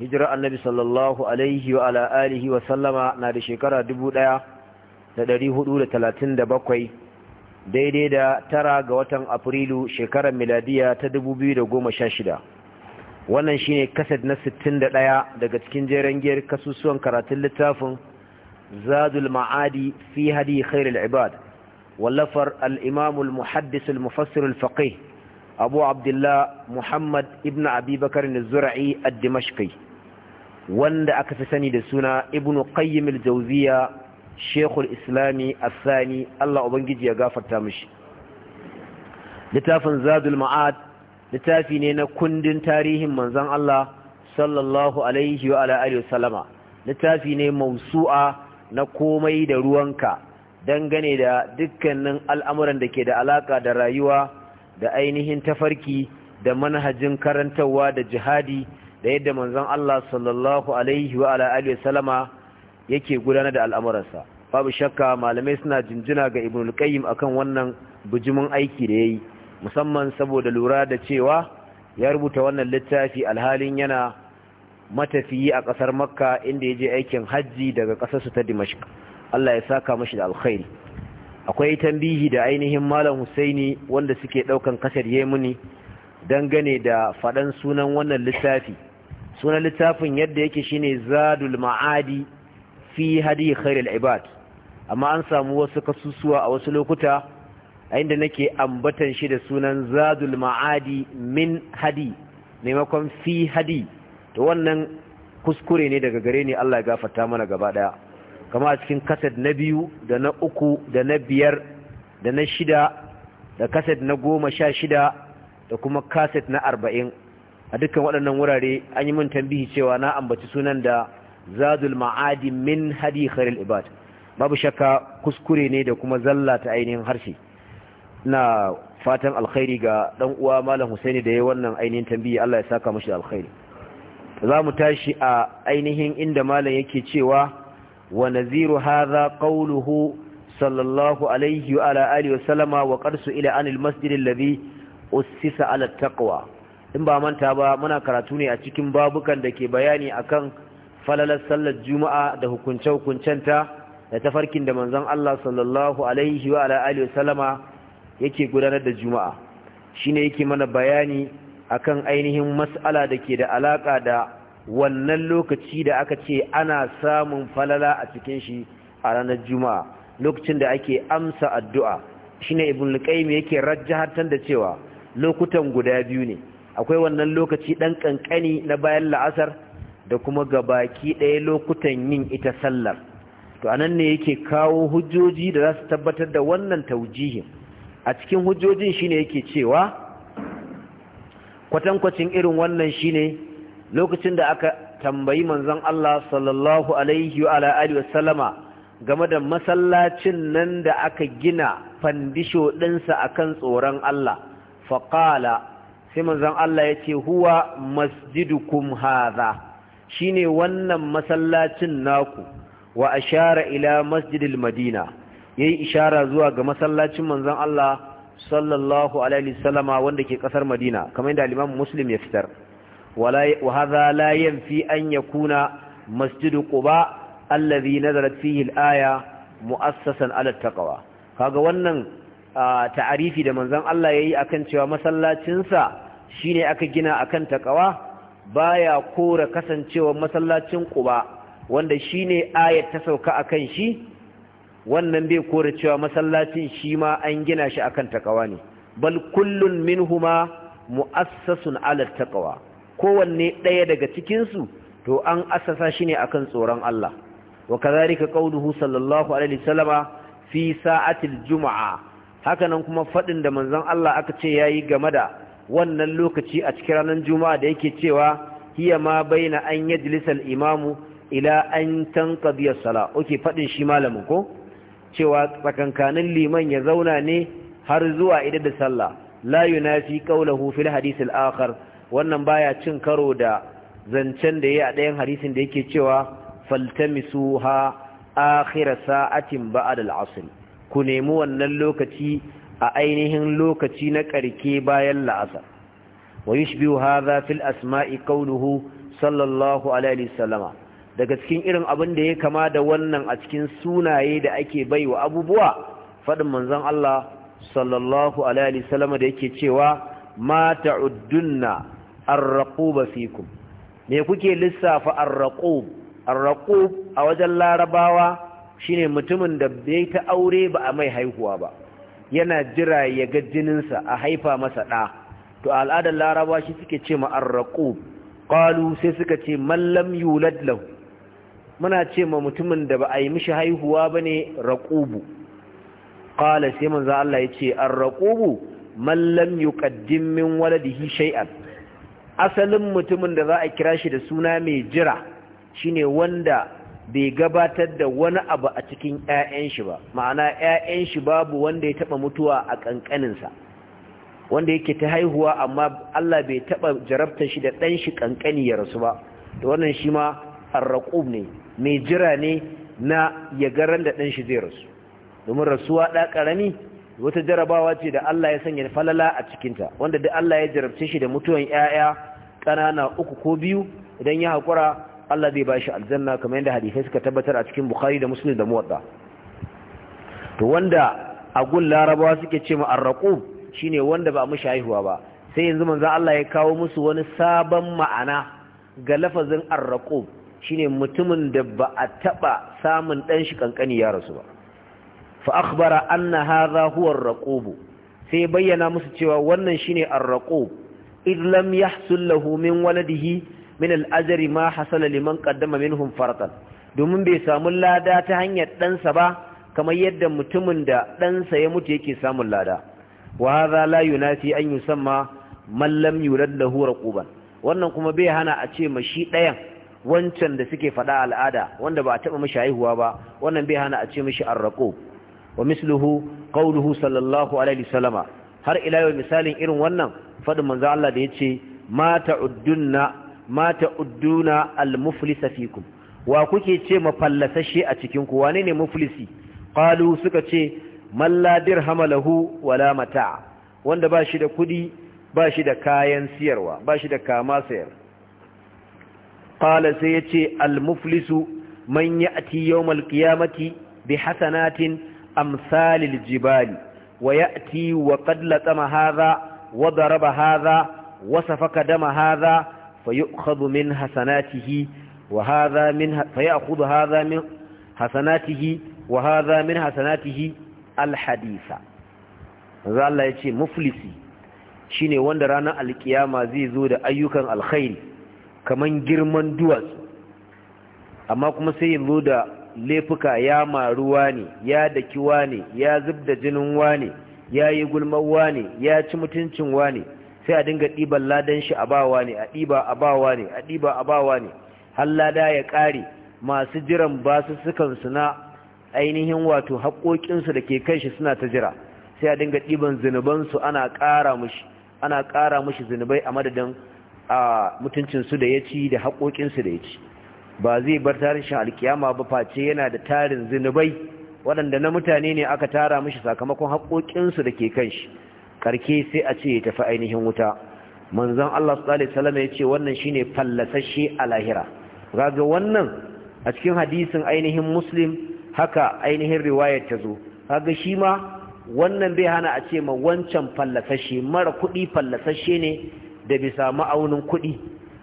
hijira annabi sallallahu alaihi wa ala alihi wa sallama na da shekara bakwai, daidai da tara ga watan afrilu shekarar miladiya ta shida. wannan shine kased na sittin da ɗaya daga cikin jeren giyar kasusuwan karatun littafin zadul ma'adi fi hadi khairul ibad wallafar al-imam al-muhaddis al-mufassir faqih abu abdullah muhammad ibn abi bakar az-zura'i ad-dimashqi wanda aka fi sani da suna ibn qayyim al-jawziya shekul islami asani Allah ubangiji ya gafarta mishi littafin zadul ma'ad littafi ne na kundin tarihin manzon Allah sallallahu alaihi wa ala alihi wasallama littafi ne mausu'a na komai da ruwanka dangane da dukkanin al'amuran da ke da alaka da rayuwa da ainihin tafarki da manhajin karantarwa da jihadi da yadda manzon Allah sallallahu alaihi wa ala alihi salama yake gudanar da al'amuransa babu shakka malamai suna jinjina ga ibn al-qayyim akan wannan bujumin aiki da yayi musamman saboda lura da cewa ya rubuta wannan littafi alhalin yana matafiyi a kasar makka inda ya je aikin hajji daga kasarsu ta dimashq Allah ya saka mashi da alkhairi akwai tambihi da ainihin malam husaini wanda suke daukan kasar yemuni dangane da faɗan sunan wannan littafi sunan littafin yadda yake shine zadul ma'adi fi hadi khairul ibad amma an samu wasu kasusuwa a wasu lokuta a inda nake ambatan shi da sunan zadul ma'adi min hadi maimakon fi hadi to wannan kuskure ne daga gare ni Allah ya gafarta mana gaba daya kama a cikin kasad na biyu da na uku da na biyar da na shida da kasad na goma sha shida da kuma kasad na arba'in a dukkan waɗannan wurare an yi min tambihi cewa na ambaci sunan da zadul ma'adi min hadi kharil ibad babu shakka kuskure ne da kuma zalla ta ainihin harshe na fatan alkhairi ga dan uwa malam Husaini da yayi wannan ainihin tambihi Allah ya saka mishi alkhairi za mu tashi a ainihin inda malam yake cewa wa naziru hadha qawluhu sallallahu alaihi wa ala alihi wa sallama wa qarsu ila anil masjidin alladhi ussisa ala taqwa in ba manta ba muna karatu ne a cikin babukan da ke bayani akan falalar sallar juma'a da hukunce-hukuncenta da tafarkin da manzon Allah sallallahu alaihi wa alihi wasallama yake gudanar da juma'a shine yake mana bayani akan ainihin mas'ala da ke da alaka da wannan lokaci da aka ce ana samun falala a cikin shi a ranar juma'a lokacin da ake amsa addu'a shine ibn luqaym yake rajjahantar da cewa lokutan guda biyu ne akwai wannan lokaci ɗan ƙanƙani na bayan la'asar da kuma gabaki ɗaya lokutan yin ita sallar to a nan ne yake kawo hujjoji da za su tabbatar da wannan taujihin a cikin hujjojin shine yake cewa kwatankwacin irin wannan shine lokacin da aka tambayi manzon Allah sallallahu alaihi wa alihi game da masallacin nan da aka gina fandisho ɗinsa akan tsoron Allah faƙala sai manzon Allah ya ce huwa masjidukum haza shine wannan masallacin naku wa ashara ila masjidil madina yayi ishara zuwa ga masallacin manzon Allah sallallahu alaihi wasallama wanda ke kasar madina kamar yadda al-imam muslim ya fitar wala wa hadha la yanfi an yakuna masjid quba alladhi nazalat fihi al-aya mu'assasan ala taqwa kaga wannan ta'arifi da manzon Allah yayi akan cewa masallacinsa shine aka gina akan takawa baya kora kasancewa masallacin Quba wanda shine ayat ta sauka akan shi wannan bai kora cewa masallacin shi ma an gina shi akan takawa ne bal kullun min huma mu'assasun ala taƙawa, kowanne ɗaya daga cikin su to an assasa shi ne akan tsoron Allah wa kadhalika ƙauduhu sallallahu alaihi wasallama fi sa'atil juma'a hakanan kuma faɗin da manzon Allah aka ce yayi game da wannan lokaci a cikin ranar juma'a da yake cewa hiya ma baina an yajlisa imamu ila an tanqadi as-sala oke faɗin shi malamin ko cewa tsakankanin liman ya zauna ne har zuwa idan da sallah la yunafi qawluhu fil hadith al-akhar wannan baya cin karo da zancen da yayi a ɗayan hadisin da yake cewa faltamisuha akhir sa'atin ba'da al-'asr ku nemi wannan lokaci a ainihin lokaci na ƙarke bayan la'asar wa yushbihu hadha fil asma'i qawluhu sallallahu alaihi wasallama daga cikin irin abin da ya kama da wannan a cikin sunaye da ake baiwa abubuwa faɗin manzon Allah sallallahu alaihi wasallama da yake cewa ma ta'uddunna ar fikum me kuke lissafa ar-raqub a wajen larabawa shine mutumin da bai ta aure ba a mai haihuwa ba yana jira ya ga jininsa a haifa masa ɗa to al'adar laraba shi suke ce ma'arraƙu ƙalu sai suka ce mallam yulad lahu muna ce ma mutumin da ba a yi mishi haihuwa ba ne raƙubu sai manza Allah yace ce man mallam yuqaddim min waladihi shay'an asalin mutumin da za a kira shi da suna mai jira shine wanda bai gabatar da wani abu a cikin 'ya'yan shi ba ma'ana 'ya'yan shi babu wanda ya taba mutuwa a kankaninsa wanda yake ta haihuwa amma Allah bai taba jarabta shi da ɗan shi kankani ya rasu ba da wannan shi ma arraqub ne mai jira ne na ya garan da ɗan shi zai rasu domin rasuwa ɗa ƙarami wata jarabawa ce da Allah ya sanya falala a cikinta wanda da Allah ya jarabce shi da mutuwan 'ya'ya ƙanana uku ko biyu idan ya haƙura Allah zai bashi aljanna kamar yadda hadisai suka tabbatar a cikin Bukhari da Muslim da Muwatta to wanda a Larabawa suke ce ma arraqub shine wanda ba mu haihuwa ba sai yanzu manzo Allah ya kawo musu wani sabon ma'ana ga lafazin arraqub shine mutumin da ba a taba samun dan shi kankani ya rasu ba fa akhbara anna hadha huwa arraqub sai bayyana musu cewa wannan shine arraqub idh lam yahsul lahu min waladihi min al'ajari ma hasala liman kaddama minhum faratan domin bai samu lada ta hanyar ɗansa ba kamar yadda mutumin da ɗansa ya mutu yake samun lada wa hadha la yunafi an yusamma man lam yurad lahu raquban wannan kuma bai hana a ce mashi ɗayan wancan da suke faɗa al'ada wanda ba a taɓa mashi haihuwa ba wannan bai hana a ce mashi arraqo wa misluhu qawluhu sallallahu alaihi wasallama har ila yau misalin irin wannan faɗin manzo Allah da yace ma ta'uddunna ma ta'udduna al-muflisa fikum wa kuke ce mafallasashe a cikin ku wane ne muflisi qalu suka ce man la dirhama lahu wala mata'a wanda ba shi da kudi ba shi da kayan siyarwa ba shi da kama sayar qala sai yace al-muflisu man ya'ti yawmal qiyamati bi hasanatin amsalil jibali wa ya'ti wa qad latama hadha wa daraba hadha wa safaka dama hadha فيؤخذ من حسناته وهذا من فياخذ هذا من حسناته وهذا من حسناته الحديثة الله ya ce shine wanda ranar alkiyama zai zo da ayyukan alkhairi kaman girman duwatsu amma kuma sai yanzu da laifuka ya maruwa ne ya dakiwa ne ya zubda jinin wa ne, ya yi gulmawa ne ya ci mutuncin wa ne. sai a dinga ɗiban ladan shi a bawa ne a ɗiba a bawa ne a ɗiba a bawa ne har lada ya ƙare masu jiran basu sukan su na ainihin wato haƙoƙinsu da ke kan shi suna ta jira sai a dinga ɗiban zunubansu ana ƙara mushi ana ƙara mushi zunubai a madadin a mutuncinsu da ya ci da haƙoƙinsu da ya ci ba zai bar tarin shi alkiyama ba face yana da tarin zunubai waɗanda na mutane ne aka tara mushi sakamakon haƙoƙinsu da ke kan shi karke sai a ce ya tafi ainihin wuta manzon Allah sallallahu alaihi wasallam ya ce wannan shine fallasashe a lahira kaga wannan a cikin hadisin ainihin muslim haka ainihin riwayar ta zo kaga shi ma wannan bai hana a ce ma wancan fallasashe mara kuɗi fallasashe ne da bisa ma'aunin kuɗi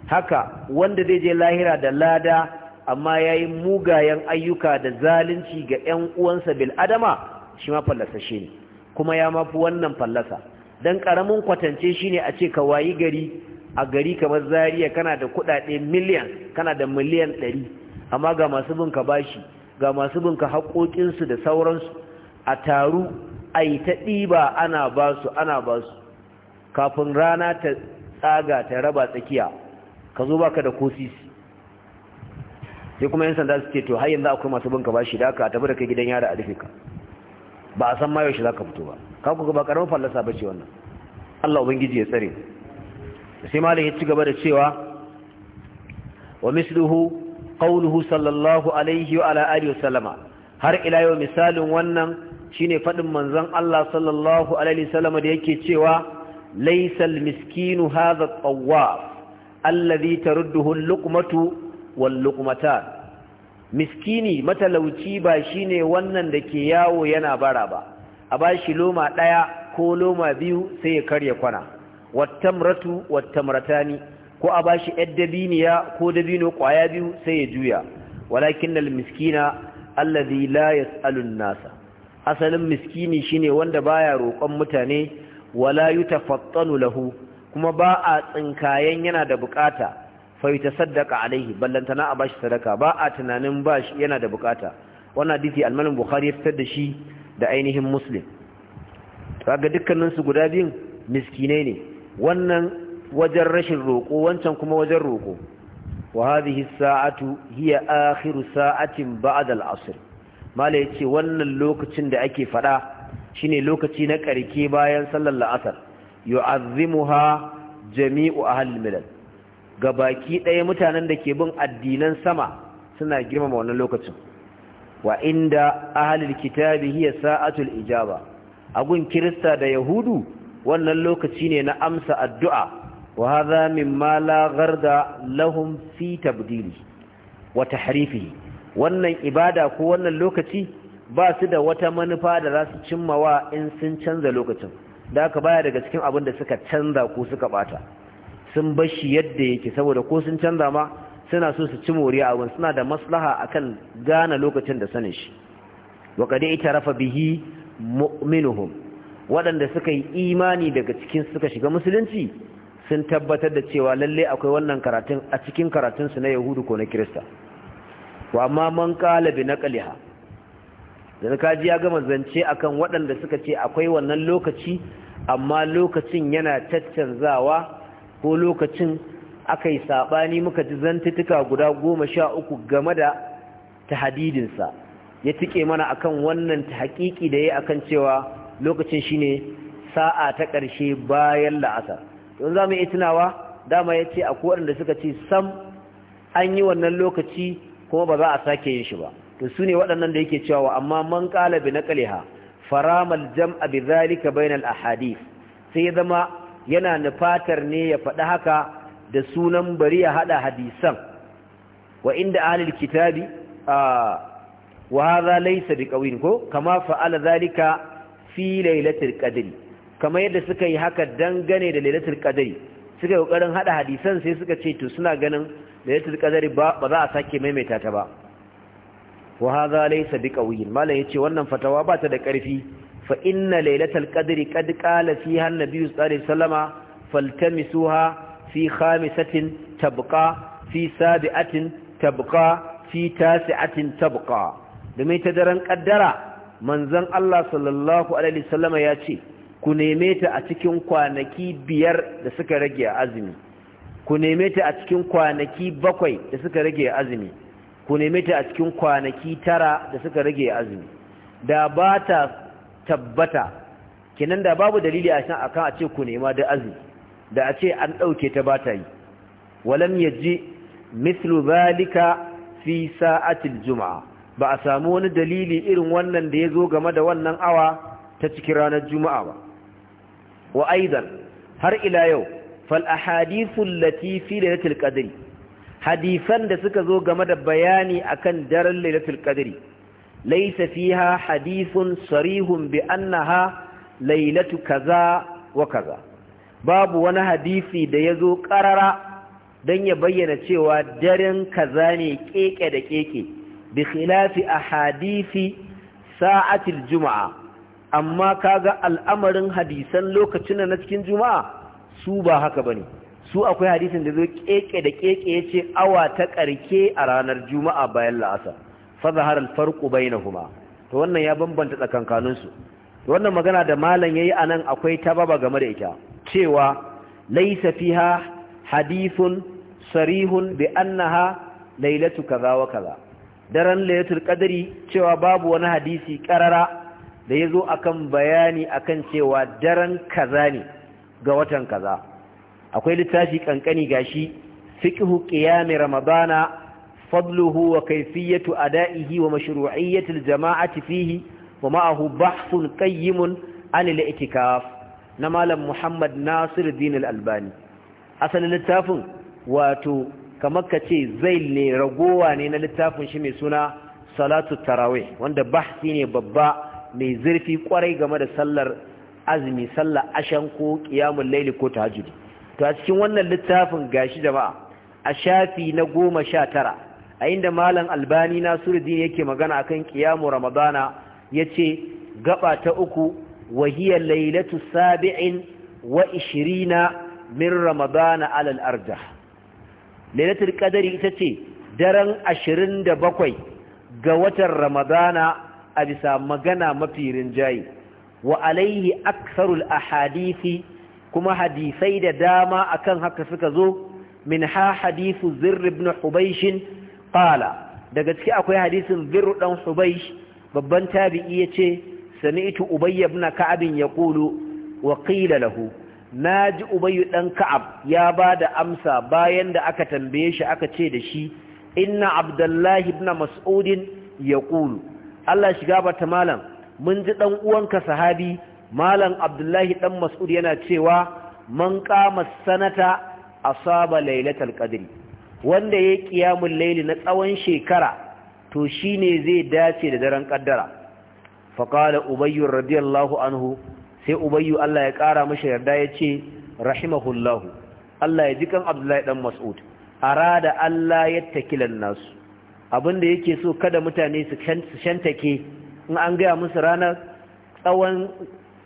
haka wanda zai je lahira da lada amma yayi mugayen ayyuka da zalunci ga ƴan uwansa bil'adama shi ma fallasashe ne kuma ya mafi wannan fallasa don ƙaramin kwatance shi ne a ce ka wayi gari a gari kamar zariya kana da kuɗaɗe miliyan kana da miliyan ɗari amma ga masu bin ka bashi ga masu bin ka haƙoƙinsu da sauransu a taru a yi ta ɗiba ana ba su ana ba su kafin rana ta tsaga ta raba tsakiya ka zo baka da kosisi sai kuma yan sanda suke to har yanzu akwai masu bin ka bashi da aka tafi da kai gidan yara a rufe ka ba a san ma yaushe zaka fito ba ka ku ba karamin ba ce wannan Allah ubangiji ya tsare sai malam ya ci gaba da cewa wa misluhu qawluhu sallallahu alaihi wa ala alihi wasallama har ila yau misalin wannan shine fadin manzon Allah sallallahu alaihi wasallama da yake cewa laisal miskinu hadha at-tawwaf alladhi tarudduhu al-luqmatu wal-luqmatan miskini matalauci ba shine wannan da ke yawo yana bara ba a bashi loma ɗaya ko loma biyu sai ya karya kwana wattamratu wattamratani ko a bashi yar dabiniya ko dabino kwaya biyu sai ya juya walakin miskina allazi la yas'alun nasa asalin miskini shine wanda baya roƙon mutane wala yutafattanu lahu kuma ba a tsinkayen yana da bukata fa yatasaddaqa alaihi ballantana a bashi sadaka ba a tunanin bashi yana da bukata wannan hadisi al-Imam Bukhari ya fitar da shi da ainihin Muslim kaga dukkanin su guda biyun miskinai ne wannan wajen rashin roko wancan kuma wajen roko wa hadhihi saatu hiya akhiru sa'atin ba'da al-'asr mala yace wannan lokacin da ake fada shine lokaci na karke bayan sallar la'asar yu'azzimuha jami'u ahli al-milal ga baki ɗaya mutanen da ke bin addinan sama suna girmama wannan lokacin wa inda ahalil kitabi hiya sa'atul ijaba agun kirista da yahudu wannan lokaci ne na amsa addu'a wa hadha mimma la gharda lahum fi tabdili wa tahrifi wannan ibada ko wannan lokaci ba su da wata manufa da za su cimmawa in sun canza lokacin da haka baya daga cikin abin da suka canza ko suka bata sun bar shi yadda yake saboda ko sun canza ma suna so su ci moriya abin suna da maslaha akan gane lokacin da sanin shi wa ita, "Rafa bihi mu'minuhum waɗanda suka yi imani daga cikin suka shiga musulunci sun tabbatar da cewa lalle akwai wannan karatun a cikin karatun su na yahudu ko na kirista wa amma man qala bi naqliha dan kaji ya gama zance akan waɗanda suka ce akwai wannan lokaci amma lokacin yana tattanzawa ko lokacin aka yi saɓani muka ji zantutuka guda goma sha uku game da tahadidinsa ya tike mana akan wannan ta haƙiƙi da ya yi akan cewa lokacin shi ne sa'a ta ƙarshe bayan la'asar don za mu yi tunawa dama ya ce akwai waɗanda suka ce sam an yi wannan lokaci kuma ba za a sake yin shi ba to su ne waɗannan da yake cewa amma man ƙalabi na ƙaliha faramal jam'a bi zalika bainal ahadith sai ya zama yana nufatar ne ya faɗi haka da sunan bari ya haɗa hadisan wa inda ahlul kitabi wa hadha laysa biqawin ko kama fa'ala zalika fi lailatul qadri kama yadda suka yi haka dangane da lailatul qadri suka yi kokarin haɗa hadisan sai suka ce to suna ganin lailatul qadri ba za a sake maimaita ta ba wa hadha laysa biqawin malan yace wannan fatawa ba ta da ƙarfi fa inna lailatul qadri qad qala fiha an-nabiy sallallahu faltamisuha fi khamisatin tabqa fi sabi'atin tabqa fi tasi'atin tabqa domin ta daren kaddara manzon Allah sallallahu ya ce ku neme ta a cikin kwanaki biyar da suka rage azumi ku nemeta a cikin kwanaki bakwai da suka rage azumi ku nemeta a cikin kwanaki tara da suka rage azumi da bata. tabbata kenan da babu dalili a akan a ce ku nema da azumi da a ce an ɗauke ta ba ta yi walam ya ji zalika fi sa'atil juma'a ba a samu wani dalili irin wannan da ya zo game da wannan awa ta cikin ranar juma'a ba wa aidan har ila yau fal ahadithul latifi da lailatul qadri hadisan da suka zo game da bayani akan daren lailatul qadri laysa fiha hadithun sarihun bi annaha lailatu kaza wa kaza babu wani hadisi da ya zo qarara dan ya bayyana cewa daren kaza ne keke da keke bi khilafi ahadisi sa'atil juma'a amma kaga al'amarin hadisan lokacin da na cikin juma'a su ba haka bane su akwai hadisin da zo keke da keke yace awa ta karke a ranar juma'a bayan la'asa. fazahar zahara alfarqu bainahuma to wannan ya bambanta tsakankanin su wannan magana da malam yayi anan akwai tababa game da ita cewa laysa fiha hadithun sarihun bi annaha lailatu kaza wa kaza Daran lailatul qadri cewa babu wani hadisi karara da yazo akan bayani akan cewa daren kaza ne ga watan kaza akwai littafi kankani gashi fiqhu qiyam ramadana فضله وكيفية أدائه ومشروعية الجماعة فيه ومعه بحث قيم عن الاعتكاف نمالا محمد ناصر الدين الألباني أصل للتافن واتو كمكة زيل رقواني للتافن شمي سنة صلاة التراويح وانده بحثيني ببا mai zurfi kwarai game da sallar azumi sallar ashan ko kiyamun laili ko tahajjudi to a cikin wannan littafin gashi jama'a a shafi na goma sha tara a inda malam albani nasiruddin yake magana akan qiyamu ramadana yace gaba ta uku wahiya lailatu sabi'in wa 20 min ramadana ala al-arjah lailatul qadri ita ce daren 27 ga watan ramadana a bisa magana mafi rinjaye wa alaihi aktharul ahadithi kuma hadisai da dama akan haka suka zo min ha hadithu zirr ibn qala daga ciki akwai hadisin birru ɗan hubaysh babban tabi'i yace sami'tu ubay ibn ka'ab yaqulu wa qila lahu ji ubayyu ɗan ka'ab ya ba da amsa bayan da aka tambaye shi aka ce da shi inna abdullahi ibn mas'ud yaqulu Allah shiga bata malam mun ji ɗan uwanka sahabi malam abdullahi ɗan mas'ud yana cewa man qama sanata asaba lailatul qadri wanda ya kiyamun laili na tsawon shekara to shi ne zai dace da daren kaddara fakala ubayyu radiyallahu anhu sai ubayyu Allah ya kara masa yarda ce rahimahullahu Allah ya jikan Abdullahi ɗan Mas'ud a rada Allah ya yattakilan nasu abinda yake so kada mutane su shantake in an gaya musu ranar tsawon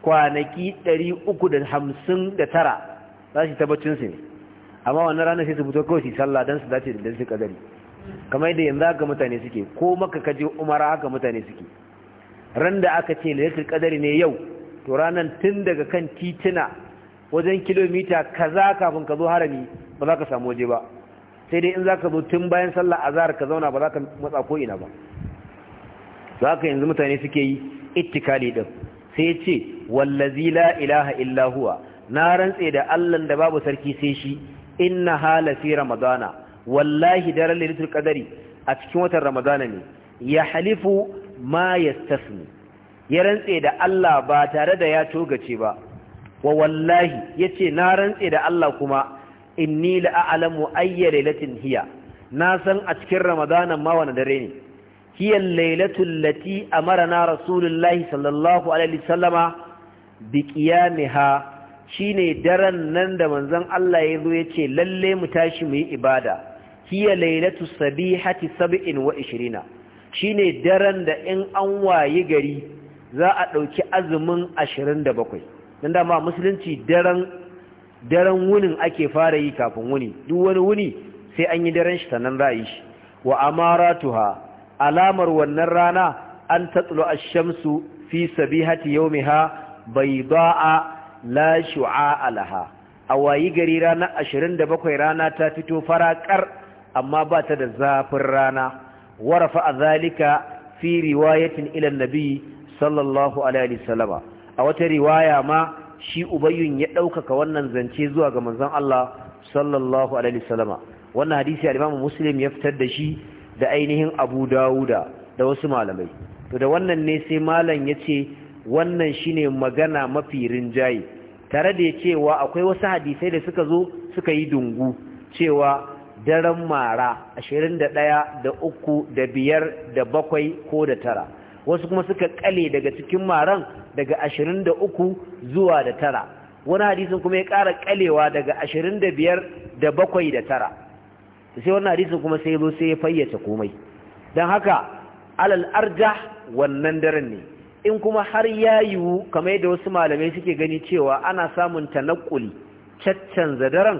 kwanaki 359 za su tabbacin su ne amma wannan ranar sai su fito kawai su sallah dan su dace da su kadari kamar yadda yanzu haka mutane suke ko maka ka umara haka mutane suke ran da aka ce lailatul qadari ne yau to ranan tun daga kan titina wajen kilomita kaza kafin ka zo harami ba za ka samu waje ba sai dai in za ka zo tun bayan sallah azhar ka zauna ba za ka matsa ko ina ba za ka yanzu mutane suke yi ittikali din sai ya ce wallazi la ilaha illa huwa na rantse da Allah da babu sarki sai shi inna na fi ramadana wallahi daren lailatul kadari a cikin watan ramadana ne ya halifu ma yastasmi ya rantse da Allah ba tare da ya togace ba wa wallahi yace na rantse da Allah kuma inni la'alamu ayya lailatin hiya na san a cikin ramadana ma wani dare ne hiya lailatul lati amarna rasulullahi sallallahu alaihi wasallama bi qiyamiha Shi ne daren nan da manzon Allah ya zo ya ce lalle mu tashi mu yi ibada hiya lailatu sabihati sab'in wa ishirina ne daren da in an wayi gari za a ɗauki azumin ashirin da bakwai don dama musulunci daren wunin ake fara yi kafin wuni duk wani wuni sai an yi daren shi sannan za a yi shi wa amaratuha alamar wannan rana an tatsulo ashamsu fi sabihati bai ba'a la shu'a alaha a wayi gari rana 27 rana ta fito farakar amma ba ta da zafin rana warafa a zalika fi riwayatin ilan nabi sallallahu alaihi salama. a wata riwaya ma shi ubayyun ya ɗaukaka wannan zance zuwa ga manzon Allah sallallahu alaihi salama. wannan hadisi al-Imam Muslim ya fitar da shi da ainihin Abu Dawuda da wasu malamai to da wannan ne sai malam ce. wannan shine magana mafi rinjaye tare da ya cewa akwai wasu hadisai da suka zo suka yi dungu cewa daren mara 21 da uku da biyar da bakwai ko da tara wasu kuma suka kale daga cikin maran daga 23 zuwa da tara wani hadisin kuma ya ƙara kalewa daga 25 da bakwai da tara sai wannan hadisin kuma sai zo sai ya fayyace komai don haka alal arja wannan daren ne in kuma har ya yiwu kamar yadda wasu malamai suke gani cewa ana samun tanakuli caccanza daren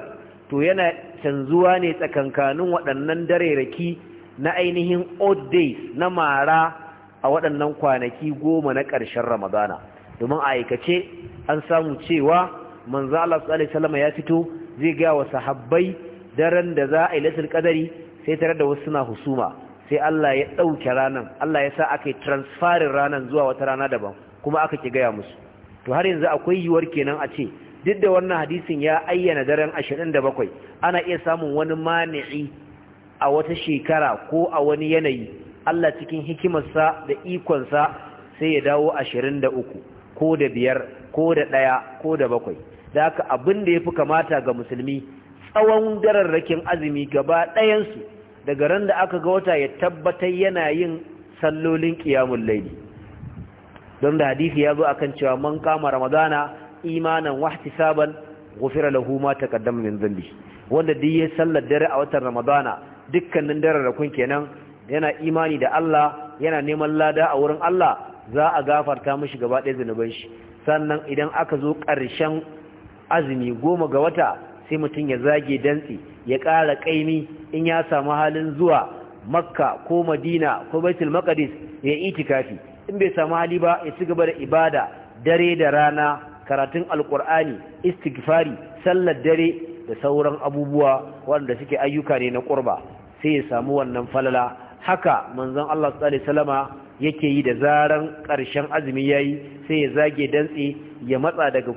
to yana canzuwa ne tsakankanin waɗannan dareraki na ainihin old days na mara a waɗannan kwanaki goma na ƙarshen ramadana domin a aikace an samu cewa manzo Allah Salama ya fito zai ga wa sahabbai daren da za a yi latin ƙadari sai tare da wasu suna husuma sai Allah ya ɗauke ranar Allah ya sa aka yi transferin ranar zuwa wata rana daban kuma aka ki gaya musu to har yanzu akwai yiwuwar kenan a ce duk da wannan hadisin ya ayyana daren da bakwai, ana iya samun wani mani'i a wata shekara ko a wani yanayi Allah cikin hikimarsa da ikonsa sai ya dawo ashirin 23 ko da biyar ko da ɗaya ko da bakwai da haka abin da ya fi kamata ga musulmi tsawon dararrakin azumi gaba ɗayansu daga ran da aka ga wata ya tabbatar yana yin sallolin qiyamul laili don da hadisi ya zo akan cewa man kama ramadana imanan wahtisaban ghufira lahu ma taqaddama min dhanbi wanda duk ya sallar dare a watan ramadana dukkanin dare da kun kenan yana imani da Allah yana neman lada a wurin Allah za a gafarta mishi gaba ɗaya zanuban shi sannan idan aka zo ƙarshen azumi goma ga wata sai mutum ya zage dantsi. ya ƙara ƙaimi in ya samu halin zuwa makka ko madina ko baitul maqdis ya itikafi in bai samu hali ba ya ci gaba da ibada dare da rana karatun alqur'ani istighfari sallar dare da sauran abubuwa wanda suke ayyuka ne na qurba sai ya samu wannan falala haka manzon Allah sallallahu alaihi wasallama yake yi da zaran ƙarshen azumi yayi sai ya zage dantse ya matsa daga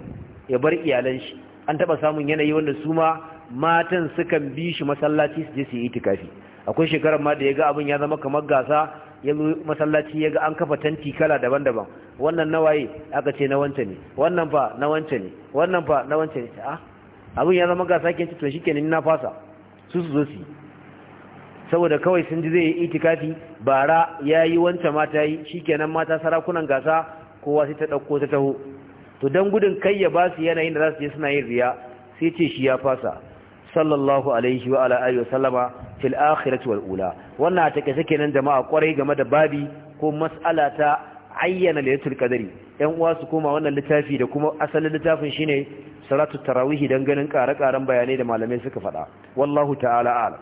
ya bar iyalan shi an taba samun yanayi wanda su ma matan sukan bi shi masallaci su je su yi itikafi akwai shekarar ma da ya ga abin ya zama kamar gasa ya zo masallaci ya ga an kafa tanti kala daban-daban wannan na waye aka ce na wancan ne wannan fa na wancan ne wannan fa na wancan ne a abin ya zama gasa kenan to shikenan na fasa su su zo su yi saboda kawai sun ji zai yi itikafi bara ya yi mata yi shikenan mata sarakunan gasa kowa sai ta ɗauko ta taho to don gudun kai ya ba su yanayin da za su je suna yin riya sai ce shi ya fasa sallallahu alaihi wa ala alihi wasallama fil akhirati wal ula wannan take sake nan jama'a kwarai game da babi ko mas'ala ta ayyana lailatul kadari yan uwa su koma wannan littafi da kuma asalin littafin shine salatu tarawih dan ganin ƙare-ƙaren bayanai da malamai suka faɗa wallahu ta'ala a'lam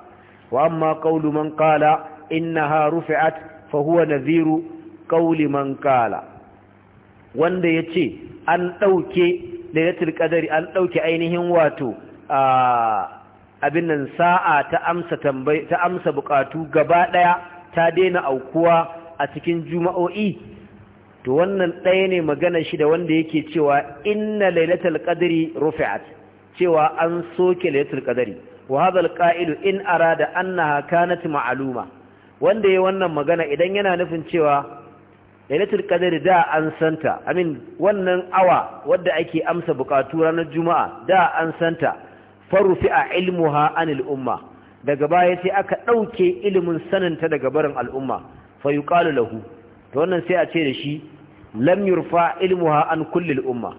wa amma qawlu man qala innaha rufi'at fa huwa nadhiru qawli man qala wanda yace an dauke lailatul kadari an dauke ainihin wato a ah, abin nan sa'a ta amsa tambayi ta amsa bukatu gaba daya ta daina aukuwa a cikin juma'o'i to wannan ɗaya ne magana shi da wanda yake cewa inna lailatul qadri rufi'at cewa an soke lailatul qadri wa hadha alqa'ilu in arada annaha kanat ma'luma wanda yayi wannan magana idan yana nufin cewa lailatul qadri da an santa amin wannan awa wadda ake amsa bukatu ranar juma'a da an santa a ilmuha anil al'umma daga baya sai aka ɗauke ilimin sananta daga barin al'umma fa yuqalu lahu ta wannan sai a ce da shi lam yurfa ilmuha an kulli al'umma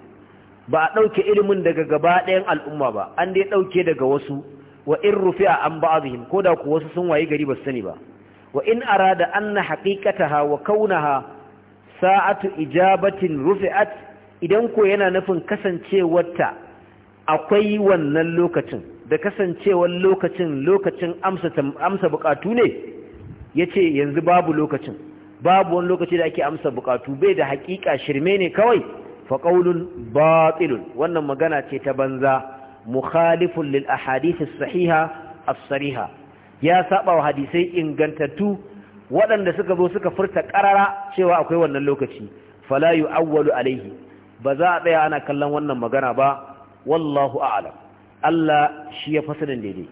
ba a ɗauke ilimin daga gaba ɗayan al'umma ba an dai ɗauke daga wasu wa in a an ba'dihim ko da ku wasu sun waye gari ba sani ba wa in arada anna hakikata wa kaunaha sa'atu ijabatin rufi'at idan ko yana nufin kasancewarta akwai wannan lokacin da kasancewar lokacin lokacin amsa bukatu ne ya ce yanzu babu lokacin babu wani lokaci da ake amsa bukatu bai da hakika shirme ne kawai faƙaulun batilun wannan magana ce ta banza mukhalifun lil ahadisi sahiha as-sariha ya saba wa hadisai ingantattu waɗanda suka zo suka furta ƙarara cewa akwai wannan lokaci fala yu'awwalu alaihi ba za a tsaya ana kallon wannan magana ba wallahu a'lam Allah shi ya fasarin daidai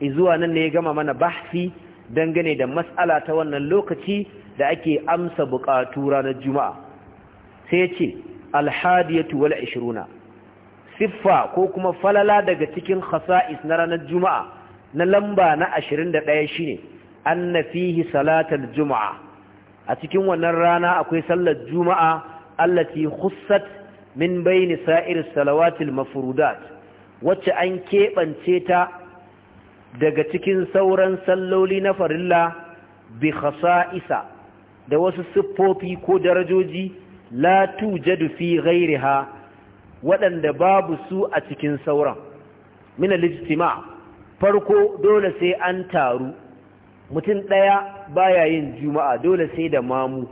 izuwa nan ne ya gama mana bahsi dangane da mas'ala ta wannan lokaci da ake amsa bukatu ranar juma'a sai ya ce alhadiyatu wal 20 siffa ko kuma falala daga cikin khasa'is na ranar juma'a na lamba na 21 shine anna fihi salatal juma'a a cikin wannan rana akwai sallar juma'a allati khussat min bayni sa'ir salawatil Mafurudat wacce an keɓance ta daga cikin sauran salloli na farilla bi da wasu siffofi ko darajoji la tujadu fi ghairiha waɗanda babu su a cikin sauran min lijitima farko dole sai an taru mutum ɗaya baya yin juma'a dole sai da mamu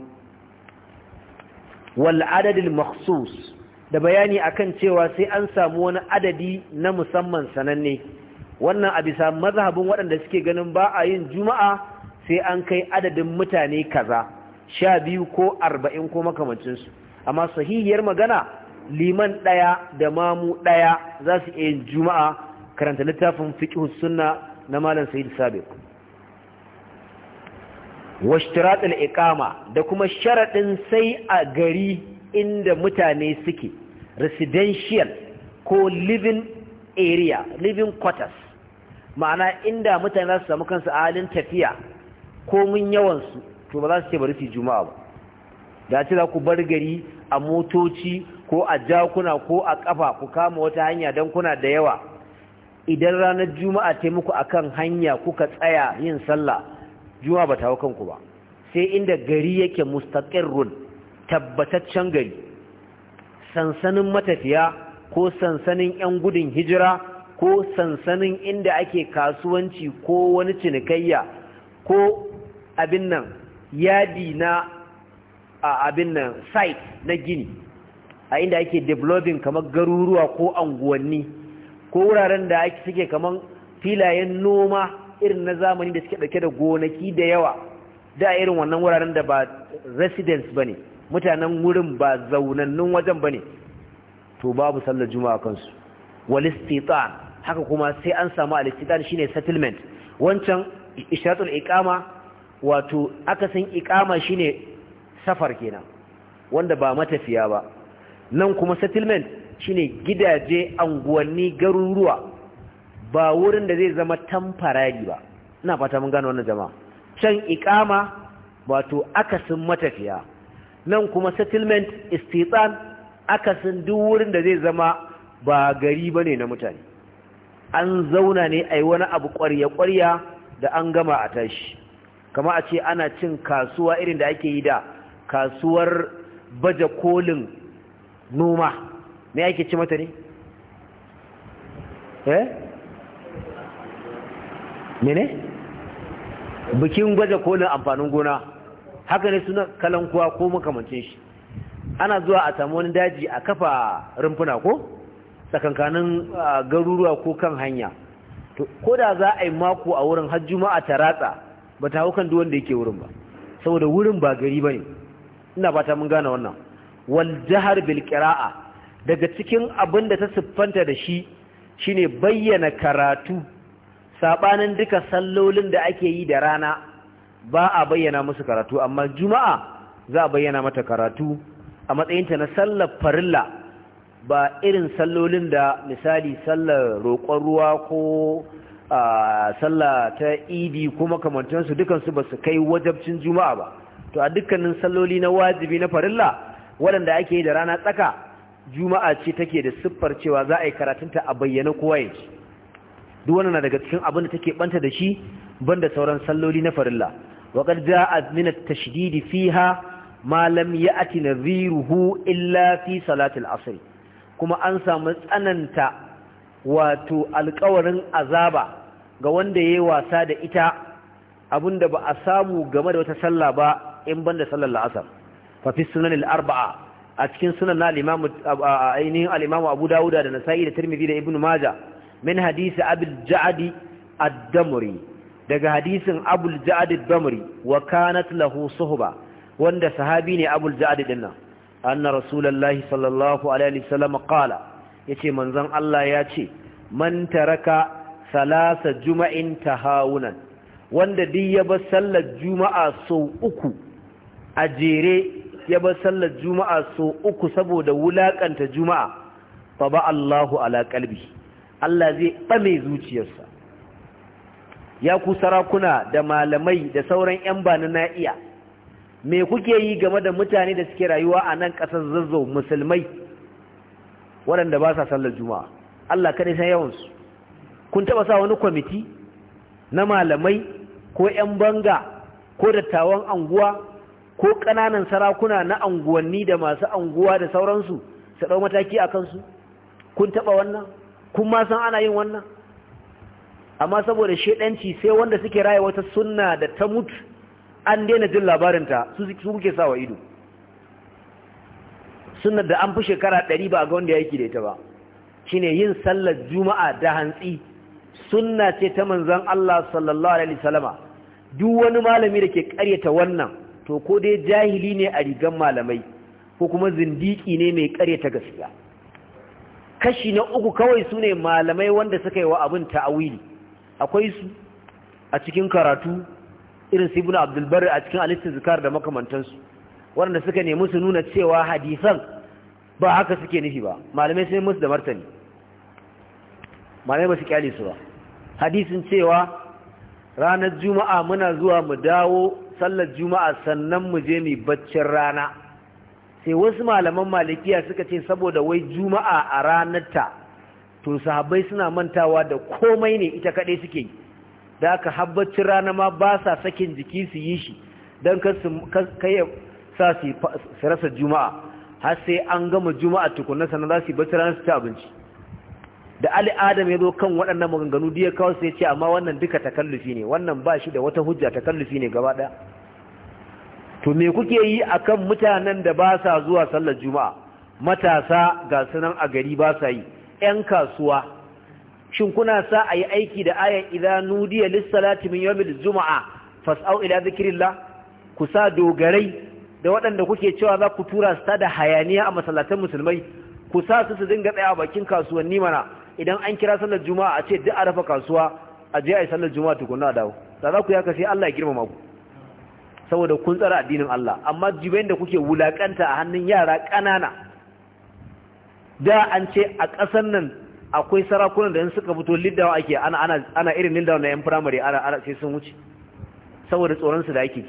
wal adadil makhsus da bayani akan cewa sai an samu wani adadi na musamman sananne wannan a bisa mazhabin waɗanda suke ganin ba a yin juma'a sai an kai adadin mutane kaza sha biyu ko arba'in ko makamancinsu amma sahihiyar magana liman ɗaya da mamu ɗaya za su iya yin juma'a karanta littafin fiƙihu sunna na malam sayyid sabiq washtiratul iqama da kuma sharaɗin sai a gari inda mutane suke residential ko living area living quarters ma'ana inda mutane za su samu kansu a halin tafiya ko mun yawansu to ba za su ce bari su juma'a ba da ce za ku bar gari a motoci ko a jakuna ko a kafa ku kama wata hanya don kuna da yawa idan ranar juma'a ta muku akan hanya kuka tsaya yin sallah juma'a ba ta hau kanku ba sai inda gari yake mustaqirrun tabbataccen gari sansanin matafiya ko sansanin 'yan gudun hijira ko sansanin inda ake kasuwanci ko wani cinikayya ko abin nan yadi na a abin nan site na gini a inda ake developing kamar garuruwa ko anguwanni ko wuraren da ake suke kamar filayen noma irin na zamani da suke dauke da gonaki da yawa da irin wannan wuraren da ba residence ba ne mutanen wurin ba zaunannun wajen bane to babu sallar juma'a kansu wal haka kuma sai an samu al shi shine settlement wancan ishatul ikama, wato akasin iqama shine safar kenan wanda ba matafiya ba nan kuma settlement shine gidaje anguwanni garuruwa ba wurin da zai zama tamfarari ba ina fata mun gano wannan jama'a can iqama wato akasin matafiya nan kuma settlement istitsan akasin duk wurin da zai zama ba gari ba ne na mutane an zauna ne a wani abu ƙwarya-ƙwarya da an gama a tashi kama a ce ana cin kasuwa irin da ake yi da kasuwar baje kolin noma me ake ci mata ne? eh? mene? bikin baje kolin amfanin gona haka ne suna kalankuwa ko makamancin shi ana zuwa a samu wani daji a kafa rumfuna ko tsakankanin garuruwa ko kan hanya ko da za a yi mako a wurin har juma'a ta ratsa ba ta haukan duk wanda yake wurin ba saboda wurin ba gari ba ne ina ba ta mun gane wannan wal jahar bil qira'a daga cikin abin da ta siffanta da shi shine bayyana karatu sabanin duka sallolin da ake yi da rana ba a bayyana musu karatu amma juma'a za a bayyana mata karatu a matsayinta na sallar farilla ba irin sallolin da misali sallar roƙon ruwa ko sallar ta idi ko makamantansu dukansu ba su kai wajabcin juma'a ba to a dukkanin salloli na wajibi na farilla waɗanda ake yi da rana tsaka juma'a ce take da siffar cewa za a yi karatunta a bayyana kowa ya ci duk wannan daga cikin abin da take banta da shi banda sauran salloli na farilla وقد جاء من التشديد فيها ما لم يأتي نذيره إلا في صلاة العصر كما أنسى مسأننت واتو القورن أذابا قوان دي واساد إتا أبن دب أسامو قمد وتسلى با إنبان صلى العصر ففي السنن الأربعة أتكين سنن الإمام, الإمام أبو داود النسائي الترمذي لابن ماجه من حديث أبي الجعد الدمري daga hadisin abul ja'ad wa kanat lahu suhba wanda sahabi ne abul ja'ad din nan anna rasulullahi sallallahu alaihi wasallam qala yace manzon Allah ya ce man taraka salasa juma'in tahawunan wanda duk ya bar sallar juma'a sau uku a jere ya bar sallar juma'a sau uku saboda wulakanta juma'a fa ba Allahu ala qalbi Allah zai ɓame zuciyarsa ya ku sarakuna da malamai da sauran 'yan bani na iya me kuke yi game da mutane da suke rayuwa a nan ƙasar zazzau musulmai waɗanda ba sa sallar juma'a Allah kaɗai san yawansu kun taɓa sa wani kwamiti na malamai ko 'yan banga ko dattawan anguwa ko ƙananan sarakuna na anguwanni da masu anguwa da sauransu su ɗau mataki a kansu kun taɓa wannan kun ma san ana yin wannan amma saboda shedanci sai wanda suke raye wata sunna da ta mutu an daina jin labarinta su kuke sawa ido sunnar da an fi shekara ɗari ba ga wanda yake da ita ba shine yin sallar juma'a da hantsi sunna ce ta manzon Allah sallallahu alaihi wasallama duk wani malami da ke ƙaryata wannan to ko dai jahili ne a rigan malamai ko kuma zindiki ne mai karyata gaskiya kashi na uku kawai sune malamai wanda suka yi wa abin ta'awili akwai su a cikin karatu irin su ibn abdulbari a cikin alistin zikar da makamantansu waɗanda suka nemi su nuna cewa hadisan ba haka suke nufi ba malamai sai musu da martani malamai ba su kyale su ba hadisin cewa ranar juma'a muna zuwa mu dawo sallar juma'a sannan mu je mu baccin rana sai wasu malaman malikiya suka ce saboda wai juma'a a ranar ta to sahabbai suna mantawa da komai ne ita kadai suke yi da aka habbaci rana ma ba sa sakin jiki su yi shi don kai sa su rasa juma'a har sai an gama juma'a tukunan sannan za su yi bacci ranar su ci abinci da ali adam ya zo kan waɗannan maganganu duk ya kawo sai ce amma wannan duka takallufi ne wannan ba shi da wata hujja takallufi ne gaba ɗaya to me kuke yi akan mutanen da ba sa zuwa sallar juma'a matasa ga sunan a gari ba sa yi ‘yan kasuwa, shin kuna sa a yi aiki da ayan idanu diya lissalati min yawmil juma'a fas'au ila zikirillah ku sa dogarai da waɗanda kuke cewa za ku tura su da hayaniya a masallatan musulmai ku sa su su dinga tsaya a bakin kasuwanni mana idan an kira sallar juma'a a ce duk a rafa kasuwa a je a yi sallar juma'a tukunna a dawo da za ku ya kashe Allah ya girmama ku saboda kun tsara addinin Allah amma jibayin da kuke wulakanta a hannun yara ƙanana da an ce a ƙasar nan akwai sarakunan da suka fito liddawa ake ana irin liddawa na yan firamare ana sai sun wuce saboda tsoron su da ake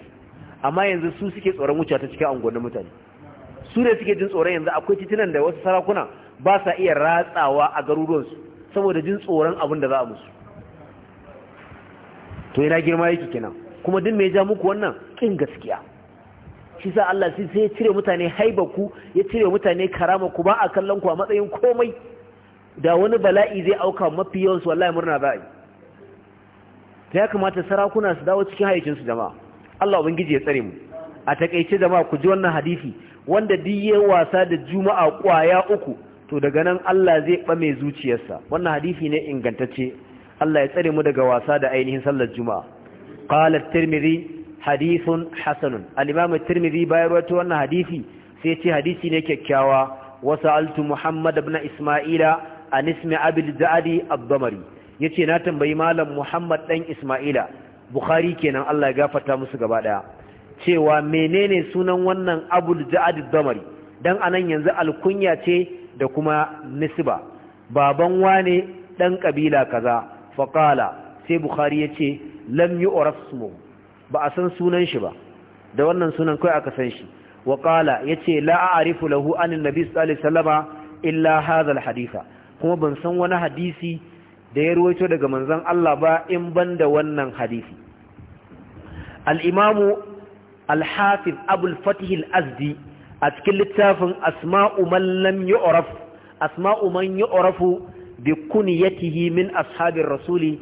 amma yanzu su suke tsoron wuce ta cikin angonin mutane su ne suke jin tsoron yanzu akwai titunan da wasu sarakuna ba sa iya ratsawa a garuruwansu saboda jin tsoron abin da za a musu to yana girma yake kenan kuma duk me ya ja muku wannan kin gaskiya shi sa Allah sai ya cire mutane haibaku ya cire mutane ku ba a kallon ku a matsayin komai da wani bala'i zai auka mafi yawan su wallahi murna yi ta ya kamata sarakuna su dawo cikin hayyacin su jama'a Allah ubangiji ya tsare mu a takaice jama'a ku ji wannan hadisi wanda diye wasa da juma'a kwaya uku to daga nan Allah zai ɓame zuciyarsa wannan hadisi ne ingantacce Allah ya tsare mu daga wasa da ainihin sallar juma'a qala at hadithun hasanun al-imam at-tirmidhi bayan rawaito wannan hadisi sai ce hadisi ne kyakkyawa wa sa'altu muhammad ibn isma'ila an ismi abi al-za'di ad-damari yace na tambayi malam muhammad dan isma'ila bukhari kenan Allah ya gafarta musu gaba daya cewa menene sunan wannan abu al-za'di ad-damari dan anan yanzu alkunya ce da kuma nisba baban wane dan kabila kaza faqala sai bukhari yace lam yu'raf ismuhu ba a san sunan shi ba da wannan sunan kai aka san shi wa qala yace la a'rifu lahu anin nabi sallallahu alaihi wasallama illa hadha hadisa. kuma ban san wani hadisi da ya ruwaito daga manzon Allah ba in banda wannan hadisi al-imamu al-hafiz abu al al-azdi a cikin littafin asma'u man lam yu'raf asma'u man yu'rafu bi kunyatihi min ashabir rasuli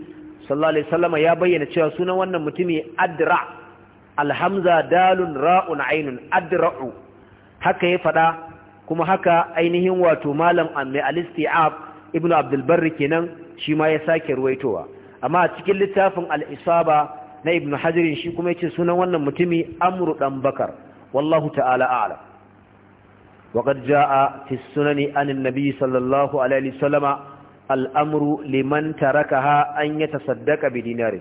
sallallahu alaihi ya bayyana cewa sunan wannan mutumi adra alhamza dalun ra'un ainun adra'u haka ya fada kuma haka ainihin wato malam amme al-isti'ab ibnu abdul barri kenan shi ma ya sake ruwaitowa amma a cikin littafin al-isaba na ibnu hajar shi kuma yace sunan wannan mutumi amru dan bakar wallahu ta'ala a'lam وقد جاء في السنن عن النبي صلى الله عليه وسلم al'amuru liman tarakaha an yi tasaddaka bi dinari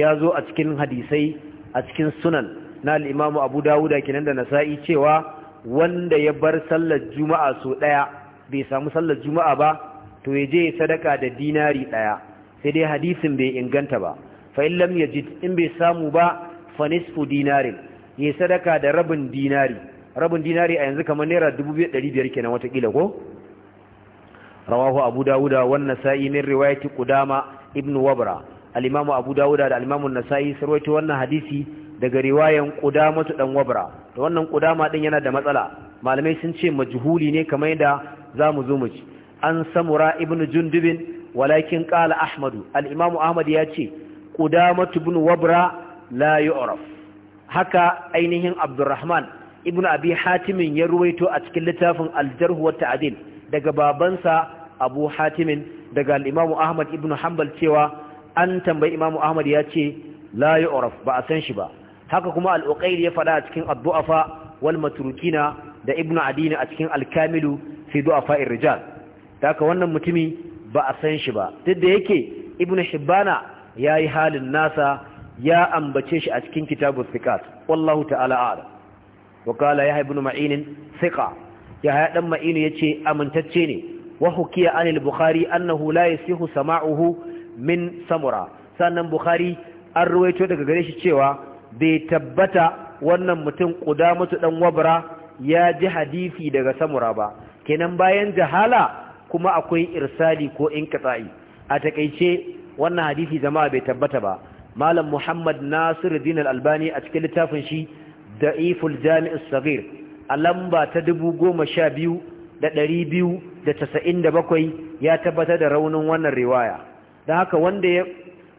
ya zo a cikin hadisai a cikin sunan na al'imamu abu dawuda kenan da nasa'i cewa wanda ya bar sallar juma'a so ɗaya bai samu sallar juma'a ba to ya je sadaka da dinari ɗaya sai dai hadisin bai inganta ba fa'in lam ya ji in bai samu ba fanisfu dinarin ya sadaka da rabin dinari rabin dinari a yanzu kamar naira 2,500 kenan watakila ko rawahu abu dawuda wan nasa'i min riwayati qudama ibn wabra al abu dawuda da al-imamu an-nasa'i sarwaito wannan hadisi daga riwayan ƙudamatu dan wabra Da wannan ƙudama din yana da matsala malamai sun ce majhuli ne kamar yadda zamu zo mu ci an samura ibn jundubin walakin qala ahmadu al-imamu ahmad ya ce ƙudamatu bin wabra la yu'raf haka ainihin Abdulrahman, ibn abi hatimin ya ruwaito a cikin littafin al-jarh wa daga babansa abu hatimin daga al'imamu ahmad ibn hanbal cewa an tambayi imamu ahmad ya ce la oraf ba a san shi ba haka kuma al ya faɗa a cikin ad-du'afa wal maturukina da ibn adini a cikin Alkamilu kamilu fi du'afa ir-rijal haka wannan mutumi ba a san shi ba duk da yake ibn ya yi halin nasa ya ambace shi a cikin kitabu thiqat wallahu ta'ala a'lam wa qala yahya ibn ma'in thiqa yahya dan ya yace amintacce ne wa hukiya anil bukhari annahu la yasihu sama'uhu min samura sannan bukhari an ruwaito daga gare shi cewa bai tabbata wannan mutum qudamatu dan wabra ya ji hadisi daga samura ba kenan bayan jahala kuma akwai irsali ko inqita'i a takeice wannan hadisi jama'a bai tabbata ba malam muhammad nasiruddin al-albani a cikin littafin shi da'iful jami'us saghir a lamba ta biyu. da ɗari biyu da casa'in da bakwai ya tabbatar da raunin wannan riwaya Da haka wanda ya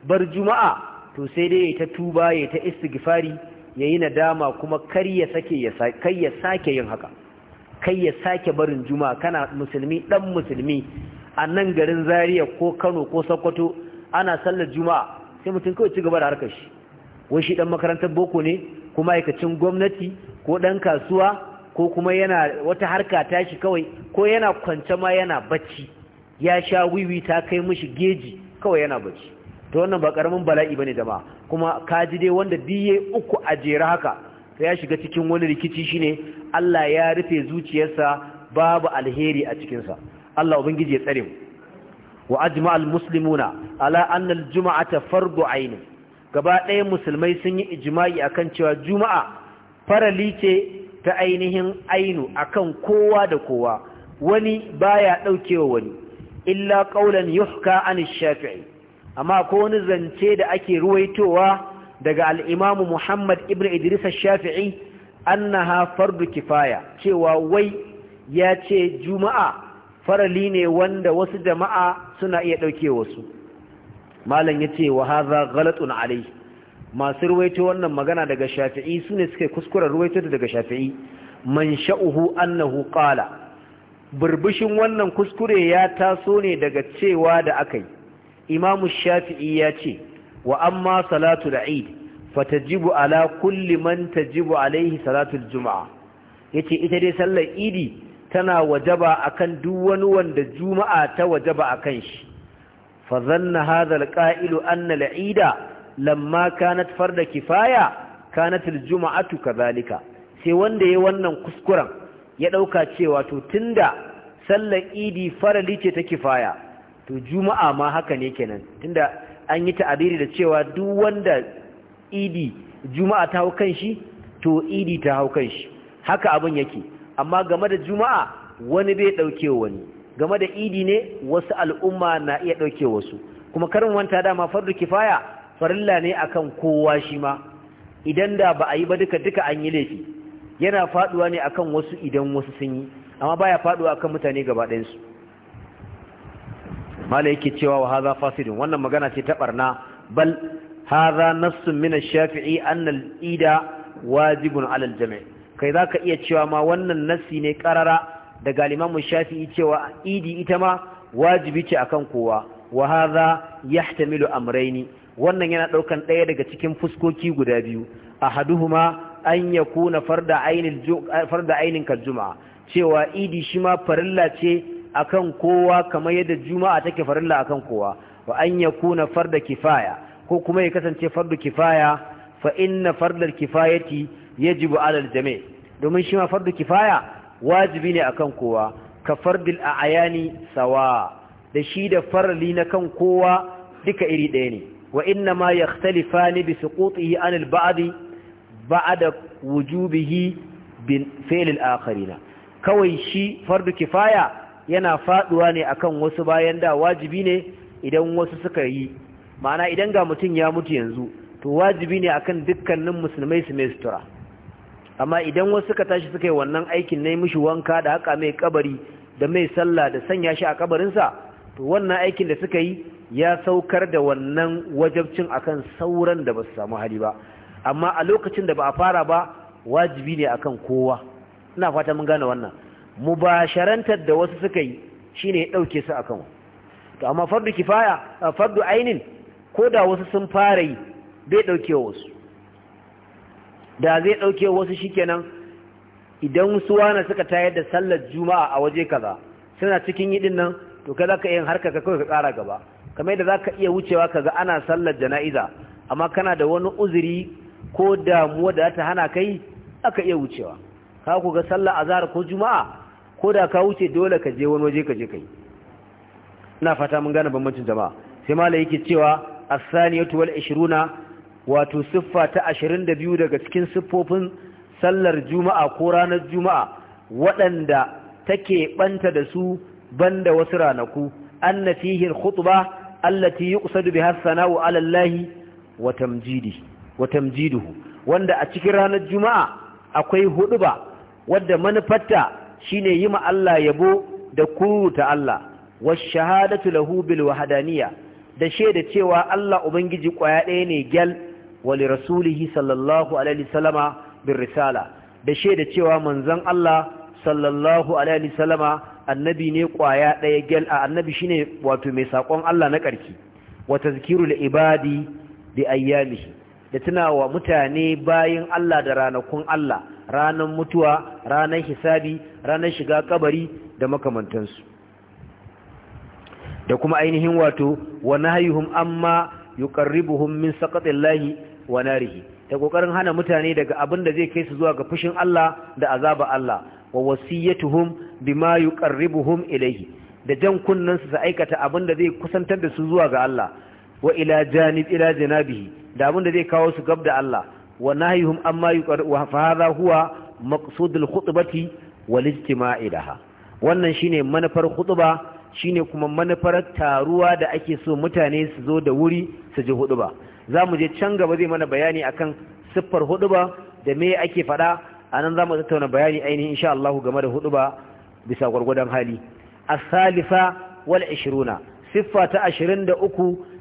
bar juma'a to sai dai ya ta tuba ya ta istighfari ya yi nadama kuma kar ya sake kai ya sake yin haka kai ya sake barin juma'a kana musulmi dan musulmi a nan garin zaria ko kano ko sokoto ana sallar juma'a sai mutum kawai ci gaba da harkar shi wai shi dan makarantar boko ne ko ma'aikacin gwamnati ko ɗan kasuwa ko kuma yana wata harka shi kawai ko yana kwance ma yana bacci ya sha wiwi ta kai mishi geji kawai yana bacci to wannan ba karamin bala'i bane jama'a kuma kaji dai wanda biye uku a jere haka sai ya shiga cikin wani rikici shine Allah ya rufe zuciyarsa babu alheri a cikin sa Allah ubangiji ya tsare mu wa ajma al muslimuna ala anna al jum'ata fardu ayn gaba ɗaya musulmai sun yi ijma'i akan cewa juma'a farali ce ta ainihin ainu akan kowa da kowa wani baya daukewa wani illa qaulan yuhka an shafi'i amma ko wani zance da ake ruwaitowa daga al-imamu Muhammad ibn Idris ash-Shafi'i annaha fardu kifaya cewa wai ya ce juma'a farali ne wanda wasu jama'a suna iya dauke wasu malam yace wa hadha ghalatun alayhi masu ruwaito wannan magana daga shafi'i su ne suka kuskura ruwaito daga shafi'i man sha'uhu annahu qala burbushin wannan kuskure ya taso ne daga cewa da yi. imamu shafi'i ya ce wa amma salatu al fatajibu ala kulli man tajibu alaihi salatu Juma'a. yace ita dai sallar idi tana wajaba akan duk wani wanda juma'a ta wajaba akan shi fa zanna hadha al anna al lamma kanat farda kifaya kanat aljuma'atu kadhalika sai wanda yayi wannan kuskuren ya dauka cewa to tunda sallar idi farali ce ta kifaya to juma'a ma haka ne kenan tunda an yi ta'abiri da cewa duk wanda idi juma'a ta hau kan shi to idi ta hau kan shi haka abin yake amma game da juma'a wani bai dauke wani game da idi ne wasu al'umma na iya dauke wasu kuma karin wanta dama fardu kifaya farilla ne akan kowa shi ma idan da ba a yi ba duka duka an yi laifi yana faduwa ne akan wasu idan wasu sun yi amma baya faduwa akan mutane gaba ɗayan su mala yake cewa wa hadha fasidun wannan magana ce ta barna bal hadha nassun min ash-shafi'i an al-ida wajibun 'ala al-jami' kai zaka iya cewa ma wannan nassi ne karara daga al-imam shafi'i cewa idi ita ma wajibi ce akan kowa wa hadha yahtamilu amrayni wannan yana ɗaukan ɗaya daga cikin fuskoki guda biyu ahaduhuma an yakuna farda ainil farda ainin cewa idi shi ma farilla ce akan kowa kamar yadda juma'a take farilla akan kowa wa an yakuna farda kifaya ko kuma ya kasance fardu kifaya fa inna fardal kifayati yajibu alal jami' domin shi ma fardu kifaya wajibi ne akan kowa ka fardil a'yani sawa da shi da farali na kan kowa duka iri ɗaya ne wa inna ma ni bi suqutihi an al-ba'd ba'da wujubihi bin fi'l al kawai shi fardu kifaya yana faɗuwa ne akan wasu bayan da wajibi ne idan wasu suka yi ma'ana idan ga mutum ya mutu yanzu to wajibi ne akan dukkanin musulmai su mai sutura amma idan wasu suka tashi suka yi wannan aikin na yi mishi wanka da haka mai kabari da mai sallah da sanya shi a kabarinsa to wannan aikin da suka yi ya saukar da wannan wajabcin akan sauran da ba su samu hali ba amma a lokacin da ba a fara ba wajibi ne akan kowa ina fata mun gane wannan mubasharantar da wasu suka yi shine ya dauke su akan to amma fardu kifaya fardu ainin ko da wasu sun fara yi bai dauke wasu da zai dauke wasu shikenan idan suwana suka tayar da sallar juma'a a waje kaza suna cikin yidin nan to kai zaka yin harka ka kawai ka ƙara gaba kamar yadda zaka iya wucewa kaga ana sallar jana'iza amma kana da wani uzuri ko damuwa da ta hana kai aka iya wucewa ka ku ga sallar azhar ko juma'a ko da ka wuce dole ka je wani waje ka je kai ina fata mun gane bambancin jama'a sai malai yake cewa as-saniyatu wal 20 wato siffa ta 22 daga cikin siffofin sallar juma'a ko ranar juma'a waɗanda take ɓanta da su banda wasu ranaku anna fihi al-khutba allati yuqsadu biha sana'u 'ala Allah wa tamjidi wa tamjiduhu wanda a cikin ranar juma'a akwai huduba wadda manufarta shine yi ma Allah yabo da kuruta Allah was shahadatu lahu bil wahdaniyya da shaida cewa Allah ubangiji kwaya ɗaya ne gyal wali li rasulihi sallallahu alaihi wasallama bir risala da shaida cewa manzon Allah sallallahu alaihi wasallama annabi ne kwaya ɗaya gel. a annabi shine wato mai saƙon Allah na ƙarki wa tazkiru li ibadi bi ayyamihi da tunawa mutane bayan Allah da ranakun Allah ranar mutuwa ranar hisabi ranar shiga kabari da makamantansu da kuma ainihin wato wa nahyuhum amma yuqarribuhum min saqatillahi wa narihi da ƙoƙarin hana mutane daga abin da zai kai su zuwa ga fushin Allah da azaba Allah wa wasiyatuhum bima yuqarribuhum ilayhi da jan kunnen su aikata abinda zai kusantar da su zuwa ga Allah wa ila janib ila janabihi da abinda zai kawo su gab da Allah wa nahihum amma yuqarribu fa hadha huwa maqsudul khutbati wal ijtima'i laha wannan shine manufar khutba shine kuma manufar taruwa da ake so mutane su zo da wuri su ji huɗuba. za je can gaba zai mana bayani akan siffar khutba da me ake faɗa anan zamu tattauna bayani ainihin insha Allah game da ba bisa gurgurdan hali as-salifa wal 20 siffa ta 23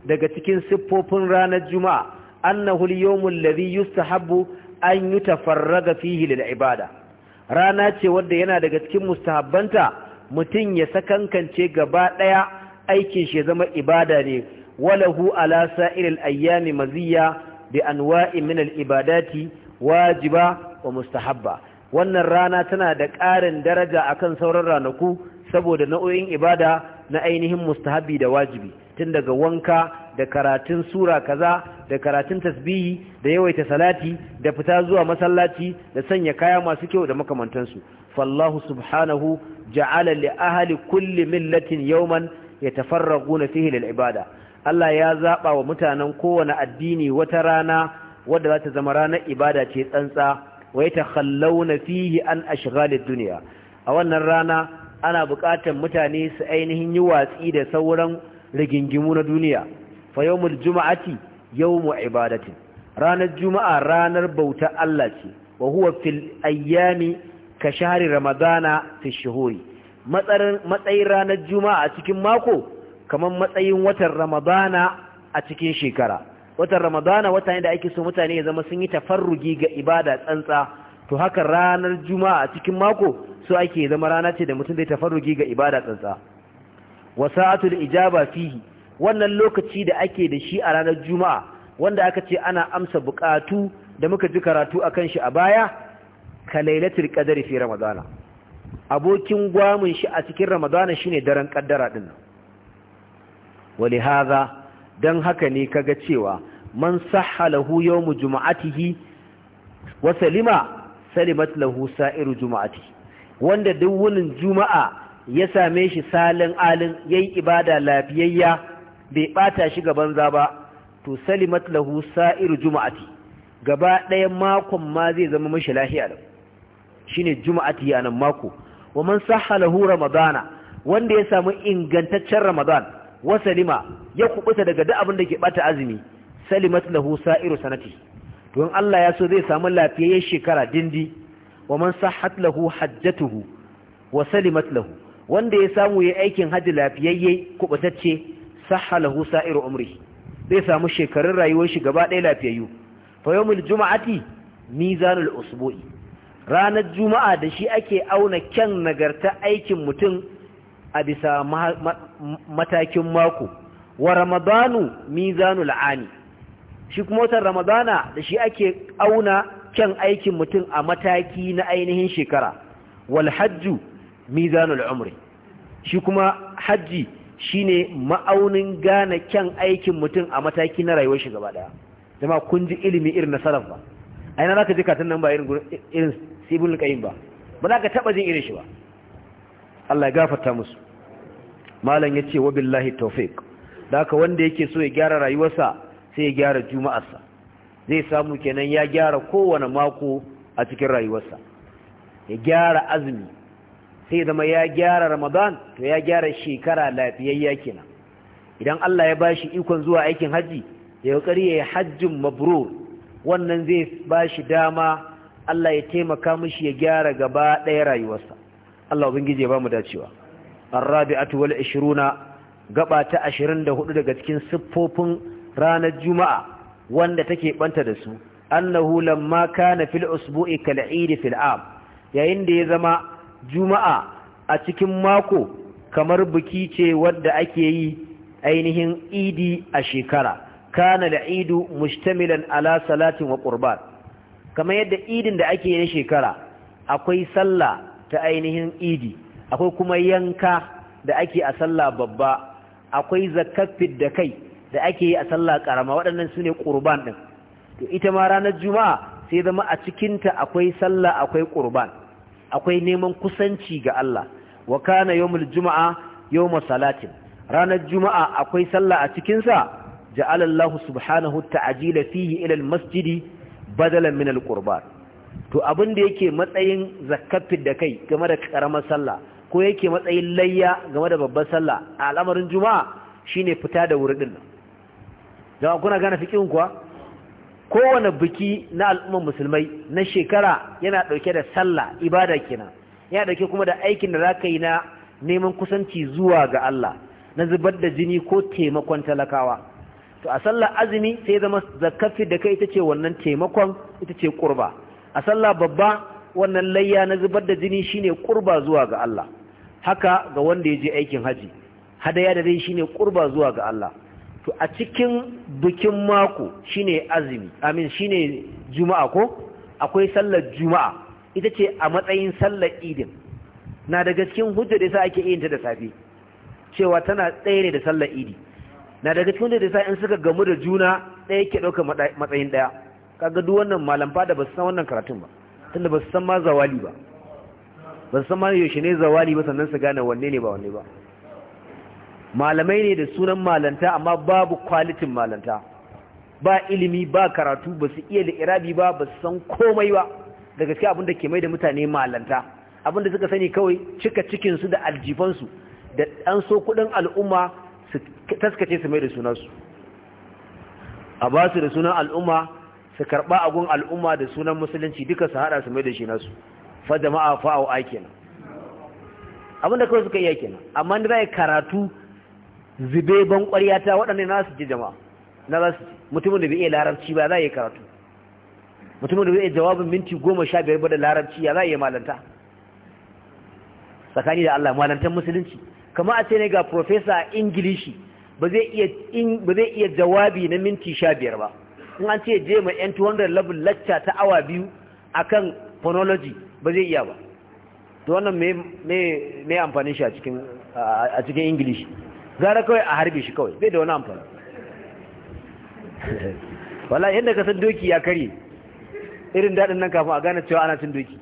daga cikin siffofin ranar juma'a annahu al-yawmul ladhi yustahabbu an yutafarraga fihi lil ibada rana ce wadda yana daga cikin mustahabbanta mutum ya sakankance gaba daya aikin shi zama ibada ne walahu ala sa'iril ayyami maziya bi anwa'i min al ibadati wajiba wa mustahabba wannan rana tana da ƙarin daraja akan sauran ranaku saboda nau'o'in ibada na ainihin mustahabbi da wajibi tun daga wanka da karatun sura kaza da karatun tasbihi da yawaita salati da fita zuwa masallaci da sanya kaya masu kyau da makamantansu fallahu subhanahu ja'ala li ahli kulli millatin yawman yatafarraquna fihi lil ibada Allah ya zaba wa mutanen kowane addini wata rana wadda za ta zama ranar ibada ce tsantsa wa yatakhallawna fihi an ashghalid duniya? a wannan rana ana buƙatar mutane su ainihin yi watsi da sauran rigingimu na duniya fa yawmul juma'ati yawmu ibadatin ranar juma'a ranar bauta Allah ce wa huwa fil ayyami ka shahri ramadana fi shuhuri matsayin ranar juma'a a cikin mako kamar matsayin watan ramadana a cikin shekara watan ramadana wata ne da ake so mutane ya zama sun yi tafarrugi ga ibada tsantsa to haka ranar juma'a cikin mako so ake zama rana ce da mutum zai tafarrugi ga ibada tsantsa wasa'atul ijaba fihi wannan lokaci da ake da shi a ranar juma'a wanda aka ce ana amsa bukatu da muka ji karatu akan shi a baya ka lailatul qadari fi ramadana abokin gwamin shi a cikin ramadana shine daren kaddara din nan wali don haka ne kaga cewa man sahalahu yawmu juma'atihi wa salima salimat lahu sa'iru jumu'ati wanda duk wunin juma'a ya same shi salin alin yayi ibada lafiyayya bai bata shi gaban za ba to salimat lahu sa'iru jumu'ati gaba ɗaya makon ma zai zama mashi lahiya da shine jumu'ati a mako wa man sahalahu ramadana wanda ya samu ingantaccen Ramadana? wa salima ya kubuta daga duk abin da ke bata azumi salimat lahu sa'iru sanati to in Allah ya so zai samu lafiyayyen shekara dindi wa man sahhat lahu hajjatuhu wa salimat lahu wanda ya samu yayin aikin haji lafiyayye kubatacce sahalahu sa'iru umri zai samu shekarun rayuwar shi gaba ɗaya lafiyayyu fa yawmul juma'ati mizanul usbu'i ranar juma'a da shi ake auna kyan nagarta aikin mutum a bisa matakin mako wa ramadanu mizanul ani shi kuma watan ramadana da shi ake auna kyan aikin mutum a mataki na ainihin shekara wal hajju mizanul umri shi kuma hajji shine ma'aunin gane kyan aikin mutum a mataki na rayuwar shi gaba daya jama kun ji ilimi irin na salaf ba za zaka ji katon nan ba irin irin sibul ba ba za ka taba jin irin shi ba Allah ya gafarta musu malam yace wa billahi tawfiq da haka wanda yake so ya gyara rayuwarsa sai ya gyara juma'arsa zai samu kenan ya gyara kowane mako a cikin rayuwarsa ya gyara azumi sai zama ya gyara ramadan to ya gyara shekara lafiyayya kenan idan Allah ya bashi ikon zuwa aikin haji ya kokari ya hajjin mabrur wannan zai bashi dama Allah ya taimaka mishi ya gyara gaba ɗaya rayuwarsa Allah ubangiji ya mu dacewa Arabi'atu wal 20 gaba ta 24 daga cikin siffofin ranar juma'a wanda take banta da su annahu lamma kana fil usbu'i kal 'id fil am yayin da ya zama juma'a a cikin mako kamar biki ce wadda ake yi ainihin idi a shekara kana da idu mustamilan ala salatin wa qurban kamar yadda idin da ake yi na shekara akwai sallah ta ainihin idi akwai kuma yanka da ake a sallah babba akwai zakafid da kai da ake yi a sallah karama waɗannan su ne ƙurban ɗin to ita ma ranar juma'a sai zama a cikinta akwai sallah akwai ƙurban akwai neman kusanci ga Allah wa kana yawmul juma'a yawma salatin ranar juma'a akwai sallah a cikinsa ja'ala Allah subhanahu ta'ajila fihi ila al-masjidi badalan min al-qurban to abin da yake matsayin zakafin da kai game da karamar sallah ko yake matsayin layya game da babbar sallah a al'amarin juma'a shine fita da wuri din da kuna gane fikin kuwa kowane biki na al'umman musulmai na shekara yana dauke da sallah ibada kenan yana dauke kuma da aikin da zaka yi na neman kusanci zuwa ga Allah na zubar da jini ko taimakon talakawa to a sallar azumi sai zama zakafi da kai ita ce wannan taimakon ita ce kurba a sallah babba wannan layya na zubar da jini shine kurba zuwa ga Allah haka ga wanda ya je aikin haji hadaya da dai shine kurba zuwa ga Allah to a cikin bikin mako shine azumi amin shine juma'a ko akwai sallar juma'a ita ce a matsayin sallar idin na daga cikin hujja da yasa ake yin ta da safe cewa tana tsaye ne da sallar idi na daga cikin hujja da yasa in suka gamu da juna ɗaya ke ɗauka matsayin ɗaya kaga duk wannan malam fada ba su san wannan karatun ba tunda ba su san ma zawali ba ba su san ma yaushe ne zawali ba sannan su gane wanne ne ba wanne ba malamai ne da sunan malanta amma babu kwalitin malanta ba ilimi ba karatu ba su iya da irabi ba ba su san komai ba da gaske abin da ke mai da mutane malanta abin da suka sani kawai cika cikin cikinsu da aljifansu da an so kudin al'umma su taskace su mai da sunansu a ba su da sunan al'umma su karɓa agun al'umma da sunan musulunci duka su haɗa su mai da shi nasu fa jama'a fa au kenan abinda kawai suka iya kenan amma da zai karatu zube ban ƙwarya ta na su ji jama'a na za su mutumin da bai iya larabci ba za yi karatu mutumin da bai iya jawabin minti goma sha biyar ba da larabci ya za ya malanta tsakani da Allah malantar musulunci kama a ce ne ga profesa ingilishi ba zai iya jawabi na minti sha biyar ba in an ce je ma yan 200 level lecture ta awa biyu akan phonology ba zai iya ba to wannan me amfani shi a cikin english gara kawai a harbe shi kawai bai da wani amfani wala yadda ka san doki ya kare irin daɗin nan kafin a gane cewa ana cin doki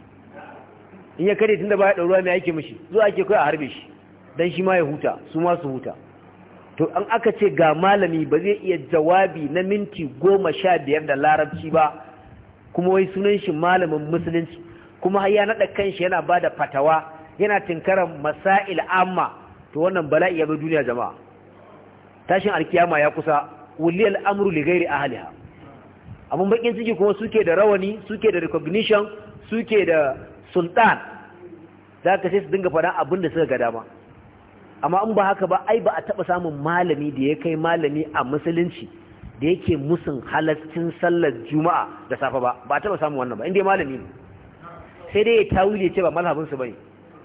in ya kare tun da ba ya ɗauruwa mai aiki mashi zuwa ake kawai a harbe shi don shi ma ya huta su ma su huta to an aka ce ga malami ba zai iya jawabi na minti goma sha biyar da larabci ba kuma wai sunan shi malamin musulunci kuma ya naɗa kanshi yana ba da fatawa yana tinkarar masail amma to wannan bala'i ya bi duniya jama'a tashin alkiyama ya kusa wuli al'amru li a ahliha amma bakin ciki kuma suke da rawani suke da recognition suke da sultan Za ka sai su dinga faɗa abin da suka ga dama amma in ba haka ba ai ba a taɓa samun malami da ya kai malami a musulunci da yake musun halaccin sallar juma'a da safe ba ba a taɓa samun wannan ba inda malami ne sai dai ya tawili ce ba malhabinsu ba ne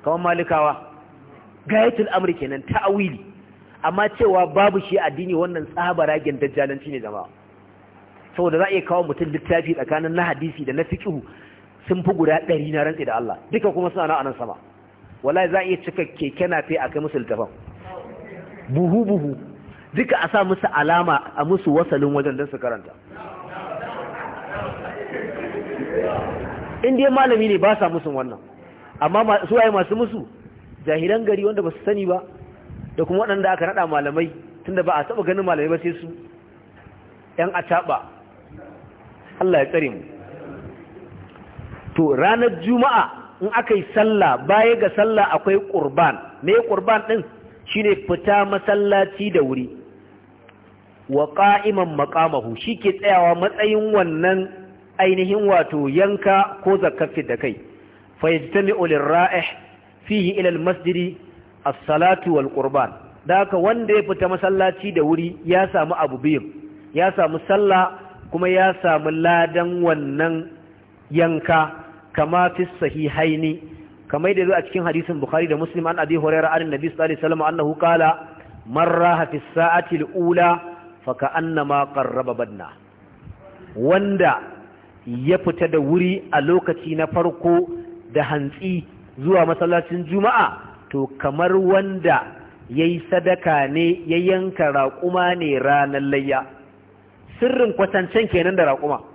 kamar malikawa gayatul amri kenan ta'awili amma cewa babu shi addini wannan tsabara gin dajjalanci ne jama'a saboda za a iya kawo mutum littafi tsakanin na hadisi da na fiqhu sun fi guda ɗari na rantsi da Allah duka kuma suna nan nan sama wala za iya cika keke nafe a kai musu littafan buhu buhu duka a sa musu alama a musu wasalin wajen don su karanta Indiyan malami ne ba sa musu wannan amma su waye masu musu jahilan gari wanda ba su sani ba da kuma waɗanda aka naɗa malamai tunda ba a taɓa ganin malamai ba sai su ‘yan acaba Allah ya tsare mu to ranar juma'a in aka yi sallah baya ga sallah akwai ƙurban me ɗin din ne fita masallaci da wuri wa ƙa'iman maƙamahu. Shi ke tsayawa matsayin wannan ainihin wato yanka ko zakafi da kai fa yajtami'u lirra'ih fihi ilal masjidi a salatu wal da daka wanda ya fita masallaci da wuri ya samu abu biyu ya samu sallah kuma ya samu ladan wannan yanka kama fi sahihaini kamar da zo a cikin hadisin bukhari da muslim an abi hurairah an nabi sallallahu alaihi wasallam annahu qala man fi sa'ati al-ula fa ka'annama qarraba badna wanda ya fita da wuri a lokaci na farko da hantsi zuwa masallacin juma'a to kamar wanda yayi sadaka ne ya yanka raƙuma ne ranar layya sirrin kwatancen kenan da raƙuma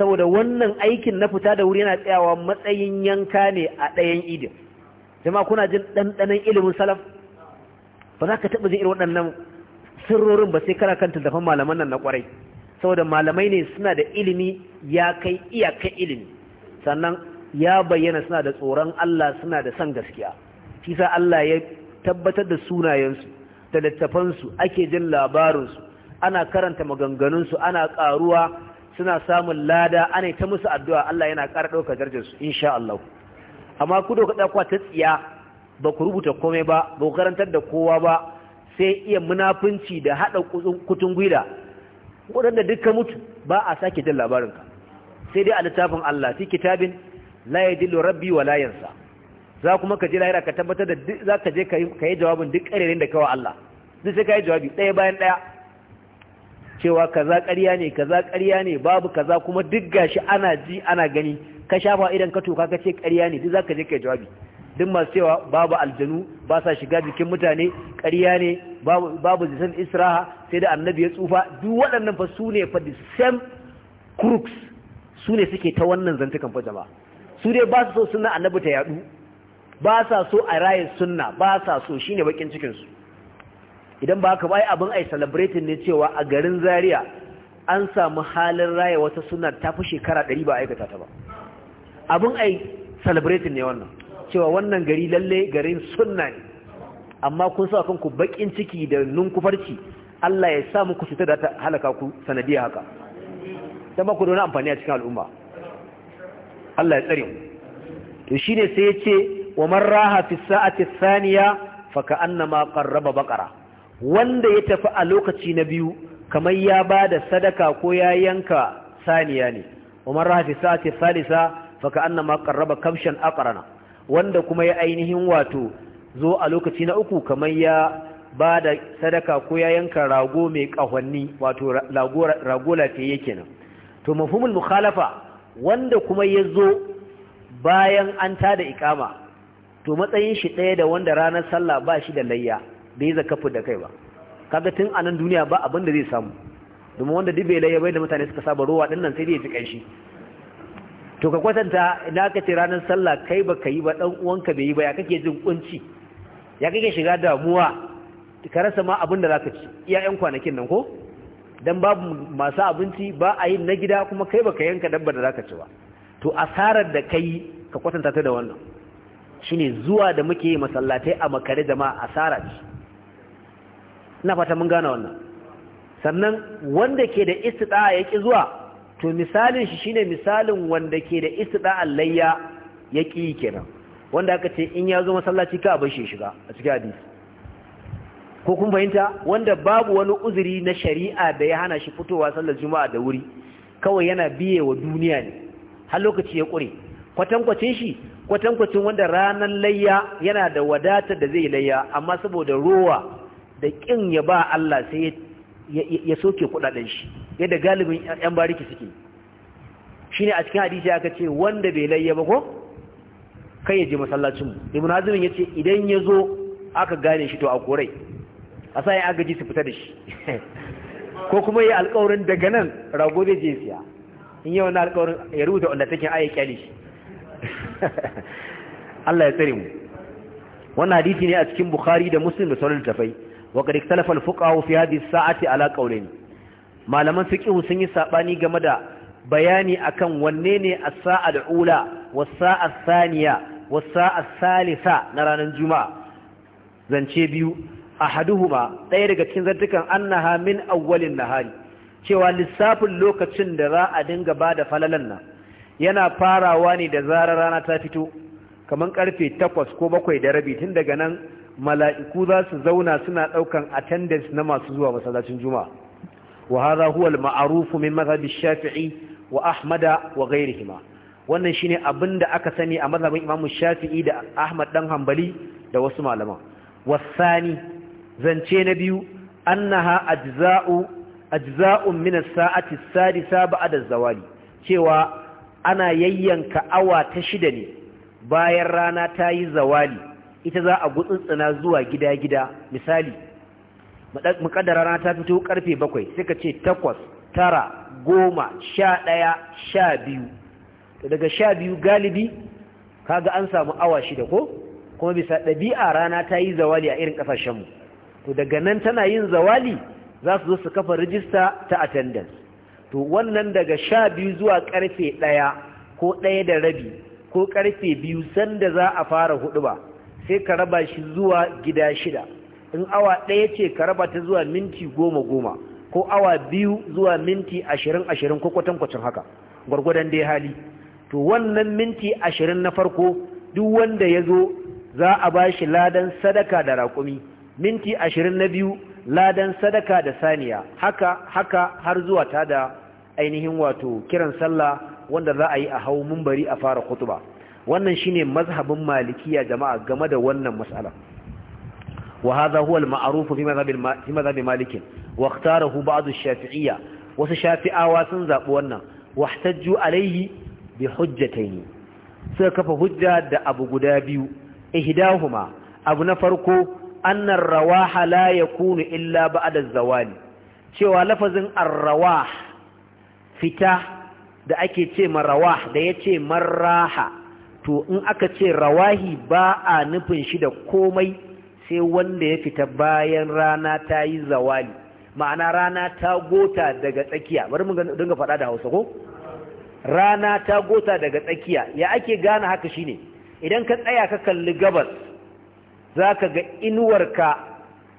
saboda wannan aikin na fita da wuri yana tsayawa matsayin yanka ne a ɗayan idin jama'a kuna jin ɗanɗanon ilimin salaf ba za ka taɓa jin irin waɗannan sirrorin ba sai kana kan tattafan malaman nan na ƙwarai saboda malamai ne suna da ilimi ya kai iyakai ilimi sannan ya bayyana suna da tsoron Allah suna da san gaskiya shi sa Allah ya tabbatar da sunayensu da littafansu ake jin labarinsu ana karanta maganganunsu ana ƙaruwa suna samun lada ana ta musu addu'a Allah yana ƙara ɗauka darajarsu insha Allah amma ku da ɗaukwa ta tsiya ba ku rubuta komai ba ba ku karantar da kowa ba sai iya munafunci da haɗa kutun gwida waɗanda dukkan mutu ba a sake jin labarinka sai dai a littafin Allah fi kitabin laye dillo rabbi wa layansa. za kuma ka je lahira ka tabbatar da za ka je ka yi jawabin duk ƙarerin da kawai Allah duk ka yi jawabi ɗaya bayan ɗaya cewa kaza ƙarya ne kaza ƙarya ne babu kaza kuma duk gashi ana ji ana gani ka shafa idan ka toka ka ce ƙarya ne duk zaka je kai jawabi duk masu cewa babu aljanu ba sa shiga jikin mutane ƙarya ne babu babu zisan israha sai da annabi ya tsufa duk waɗannan fa su ne fa the same crooks su ne suke ta wannan zantukan fa jama'a su dai ba su so sunna annabi ta yadu ba sa so a raye sunna ba sa so shine bakin cikin su idan ba haka ba abin ai celebrating ne cewa a garin Zaria an samu halin raya wata sunna ta fi shekara 100 ba aikata ta ba abin ai celebrating ne wannan cewa wannan gari lalle garin sunna ne amma kun sa kanku bakin ciki da nunkufarci Allah ya sa muku fitar da ta halaka ku sanadiya haka dan ba ku da amfani a cikin al'umma Allah ya tsare to shine sai ya ce wa man raha fi sa'ati thaniya fa ka'annama qarraba baqara wanda ya tafi a lokaci na biyu kamar ya ba da sadaka ko ya yanka saniya ne umar rahafi sa'ati salisa faka annama qarraba kamshan aqrana wanda kuma ya ainihin wato zo a lokaci na uku kamar ya ba da sadaka ko ya yanka rago mai kahonni wato rago yake kenan to mafhumul mukhalafa wanda kuma ya zo bayan an tada ikama to matsayin shi ɗaya da wanda ranar sallah ba shi da layya da yi zakafu da kai ba kaga tun anan duniya ba abin da zai samu domin wanda dibe bai ya bai da mutane suka saba ruwa din sai dai ya ji kanshi to ka kwatanta idan aka ce ranar sallah kai ba ka ba dan bai yi ba ya kake jin kunci ya kake shiga damuwa ka rasa ma abin da zaka ci iya yan kwanakin nan ko dan babu masu abinci ba a yi na gida kuma kai ba ka yanka dabbar da zaka ci ba to asarar da kai ka kwatanta ta da wannan shine zuwa da muke masallatai a makare jama'a asara ce ina fata mun gane wannan sannan wanda ke da istida'a ya zuwa to misalin shi shine misalin wanda ke da istida'a layya ya kenan wanda aka ce in ya zo masallaci ka bar shi shiga a cikin hadisi ko kun fahimta wanda babu wani uzuri na shari'a da ya hana shi fitowa sallar juma'a da wuri kawai yana biye wa duniya ne har lokaci ya ƙure kwatankwacin shi kwatankwacin wanda ranan layya yana da wadatar da zai layya amma saboda ruwa. da ƙin ya ba Allah sai ya soke kudaden shi yadda galibin yan bariki suke ne a cikin hadisi aka ce wanda bai layya ba ko kai ya je masallacin mu ibn hazmin yace idan ya zo aka gane shi to a korai a sa ya agaji su fita da shi ko kuma ya alƙawarin daga nan rago zai je siya in yi wannan alƙawarin ya rubuta wanda take ayi kyale shi Allah ya tsare mu wannan hadisi ne a cikin Bukhari da Muslim da sauran tafai wa qad ikhtalafa al-fuqaha fi hadhihi saati ala qawlayn malaman fiqh sun yi saɓani game da bayani akan wanne ne as-sa'a al-ula wasa saa saniya thaniya a saa na ranar juma'a zance biyu ahaduhuma ɗaya daga cikin zartukan annaha min awwalin nahari cewa lissafin lokacin da za a dinga ba da falalan nan yana farawa ne da zarar rana ta fito kamar karfe takwas ko bakwai da rabi tun daga nan mala'iku za su zauna suna ɗaukan attendance na masu zuwa masallacin juma'a wa hadha huwa al-ma'ruf min madhhab shafii wa ahmada wa ghayrihima wannan shine abinda aka sani a mazhabin imamu shafi'i da ahmad dan hanbali da wasu malaman wasani zance na biyu annaha ajza'u ajza'un min as-sa'ati as-sadisa ba'da az-zawali cewa ana yayyanka awa ta shida ne bayan rana ta yi zawali ita za a gutsuntsuna zuwa gida-gida misali makadara rana ta fito karfe bakwai sai ka ce takwas tara goma sha ɗaya sha biyu daga sha biyu galibi kaga an samu awa shida ko kuma bisa ɗabi'a rana ta yi zawali a irin ƙasashenmu to daga nan tana yin zawali za su zo su kafa rijista ta attendance to wannan daga sha biyu zuwa karfe ɗaya ko ɗaya da rabi ko karfe biyu sanda za a fara huɗu ba sai ka raba shi zuwa gida shida in awa ɗaya ce ka raba ta zuwa minti goma goma ko awa biyu zuwa minti ashirin ashirin ko kwatankwacin haka gwargwadon dai hali to wannan minti ashirin na farko duk wanda ya zo za a ba shi ladan sadaka da raƙumi minti ashirin na biyu ladan sadaka da saniya haka haka har zuwa ta da ainihin wato kiran sallah wanda za a yi a hau mumbari a fara kutuba wannan shine mazhabin malikiya jama'a game da wannan mas'ala wa hadha huwa al-ma'ruf fi madhhab fi madhhab malik wa ikhtarahu ba'd ash-shafi'iyya wasu shafi'awa sun zabi wannan wa ihtajju alayhi bi hujjatayn suka kafa hujja da abu guda biyu ihdahuma abu na farko annar rawaha la yakunu illa ba'da az-zawali cewa lafazin ar-rawah fita da ake ce marawah da yace marraha to in aka ce rawahi ba a nufin shi da komai sai wanda ya fita bayan rana ta yi zawali ma'ana rana ta gota daga tsakiya bari mu dinga faɗa da hausa ko rana ta gota daga tsakiya ya ake gane haka shine idan ka tsaya ka kalli gabas zaka ka ga inuwarka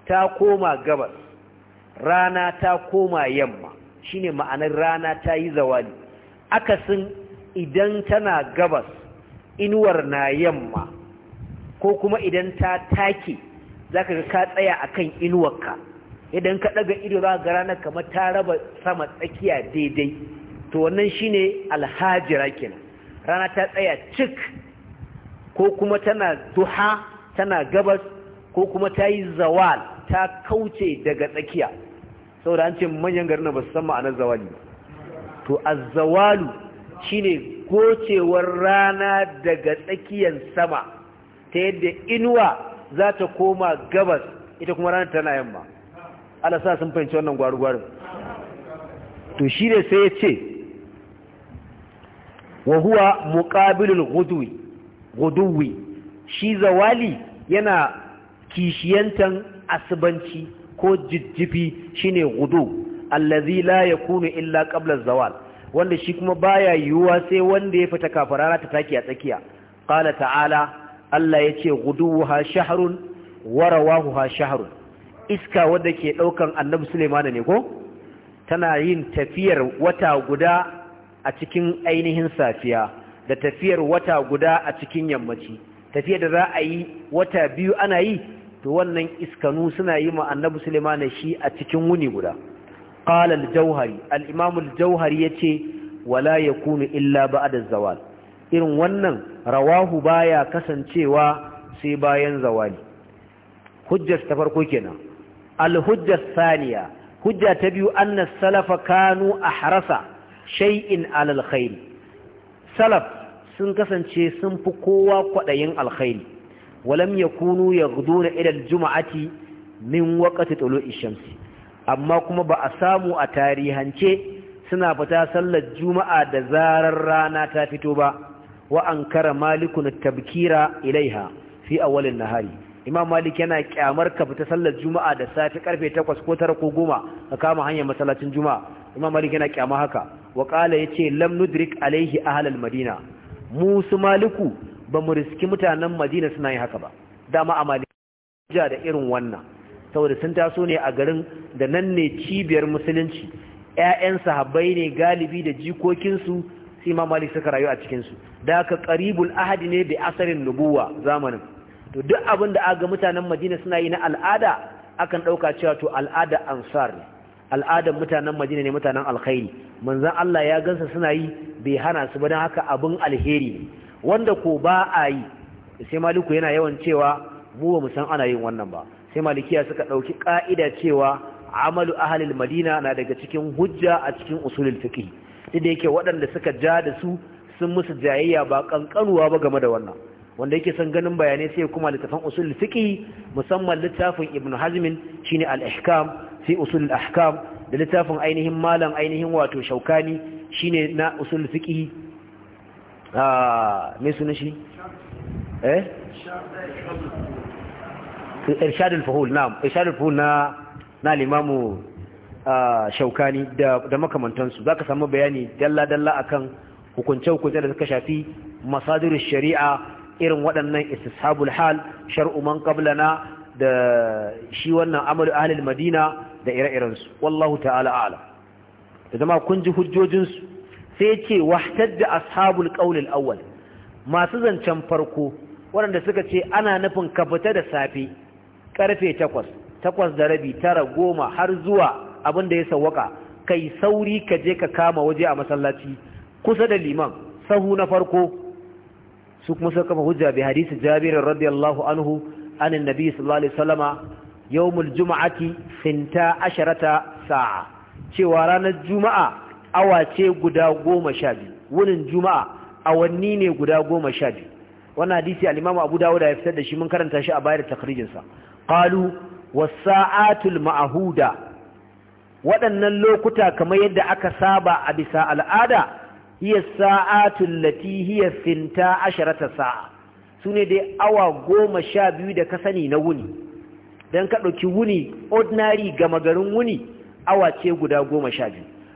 ta koma gabas rana ta koma yamma shine ma'anar rana ta yi zawali akasin idan tana gabas inuwar na yamma ko kuma idan ta take za ga ka tsaya a akan inuwarka idan ka ɗaga ido za ga ranar kamar ta raba sama tsakiya daidai to wannan shine alhajira kenan rana ta tsaya cik ko kuma tana duha tana gabas ko kuma ta yi zawal ta kauce daga tsakiya saboda an ce manyan garin ba su san ma'anar zawali to az-zawalu shine gocewar rana daga tsakiyar sama ta yadda inuwa za ta koma gabas ita kuma rana tana yamma Allah sa sun fahimci wannan gwarugwarin to shi ne sai ya ce wa huwa guduwi shi zawali yana kishiyantan asibanci ko jijjifi shine gudu allazi la kuna illa ƙablar zawal wanda shi kuma baya yiwuwa sai wanda ya fita kafarara ta take a tsakiya qala ta'ala Allah yace guduha shahrun warawahuha ha shahrun iska wanda ke daukan Annabi Sulaiman ne ko tana yin tafiyar wata guda a cikin ainihin safiya da tafiyar wata guda a cikin yammaci tafiyar da za a yi wata biyu ana yi to wannan iskanu suna yi ma Annabi Sulaiman shi a cikin wuni guda qala al-jauhari al-imam al-jauhari yace wala yakunu illa ba'da zawal irin wannan rawahu baya kasancewa sai bayan zawali hujjar ta farko kenan al saniya hujja ta biyu anna salafa kanu ahrasa shay'in ala al-khair salaf sun kasance sun fi kowa kwaɗayin alkhairi walam ya yakunu yaghduna ila al-jum'ati min waqti tulu'i shamsi amma kuma ba a samu a tarihance suna fita sallar juma'a da zarar rana ta fito ba wa an kara malikun tabkira ilaiha fi awalin nahari imam malik yana kyamar ka fita sallar juma'a da safi karfe 8 ko 9 ko 10 ka kama hanyar masallacin juma'a imam malik yana kyama haka wa qala yace lam nudrik alaihi ahlal madina mu su maliku ba mu riski mutanen madina suna yin haka ba dama a malik da irin wannan saboda sun taso ne a garin da nan ne cibiyar musulunci ya'yan sahabbai ne galibi da jikokinsu su ma malik suka rayu a cikinsu da aka ƙaribul ahadi ne bi asalin nubuwa zamanin to duk abin da aga mutanen madina suna yi na al'ada akan ɗauka cewa to al'ada ansar ne al'adar mutanen madina ne mutanen alkhairi manzan Allah ya gansa suna yi bai hana su ba don haka abin alheri wanda ko ba a yi sai maliku yana yawan cewa mu ba mu san ana yin wannan ba sai malikiya suka ɗauki ƙa'ida cewa amalu ahalil madina na daga cikin hujja a cikin usulul fiqh duk da yake waɗanda suka ja da su sun musu jayayya ba ƙanƙanuwa ba game da wannan wanda yake son ganin bayanai sai kuma littafin usulul fiqh musamman littafin ibnu Hazmin shine al-ihkam fi usulul ahkam da littafin ainihin malam ainihin wato shaukani shine na usulul fiqh ah me eh? irshadul fuhul na'am fuhul na na limamu shaukani da da makamantansu zaka samu bayani dalla dalla akan hukunce hukunce da suka shafi masadir shari'a irin waɗannan istishabul hal shar'u man qablana da shi wannan amalu ahlul madina da ire-iren su wallahu ta'ala ala da zama kun ji hujjojin su sai ce da ashabul qawl al-awwal masu zancen farko waɗanda suka ce ana nufin ka fita da safe karfe takwas takwas da rabi tara goma har zuwa abin da ya sauwaka kai sauri ka je ka kama waje a masallaci kusa da liman sahu na farko su kuma suka kafa hujja bi hadisi jabir radiyallahu anhu an annabi sallallahu alaihi wasallama yawmul jumu'ati finta asharata sa'a cewa ranar juma'a awa ce guda goma sha biyu wunin juma'a awanni ne guda goma sha biyu wannan hadisi al-imamu abu dawud ya fitar da shi mun karanta shi a bayar takrijinsa qalu was-sa'atul ma'huda waɗannan lokuta kamar yadda aka saba a bisa al'ada hiya sa'atul lati hiya finta asharata sa'a sune dai awa goma sha da ka sani na wuni don ka ɗauki wuni ordinary gama garin wuni awa ce guda goma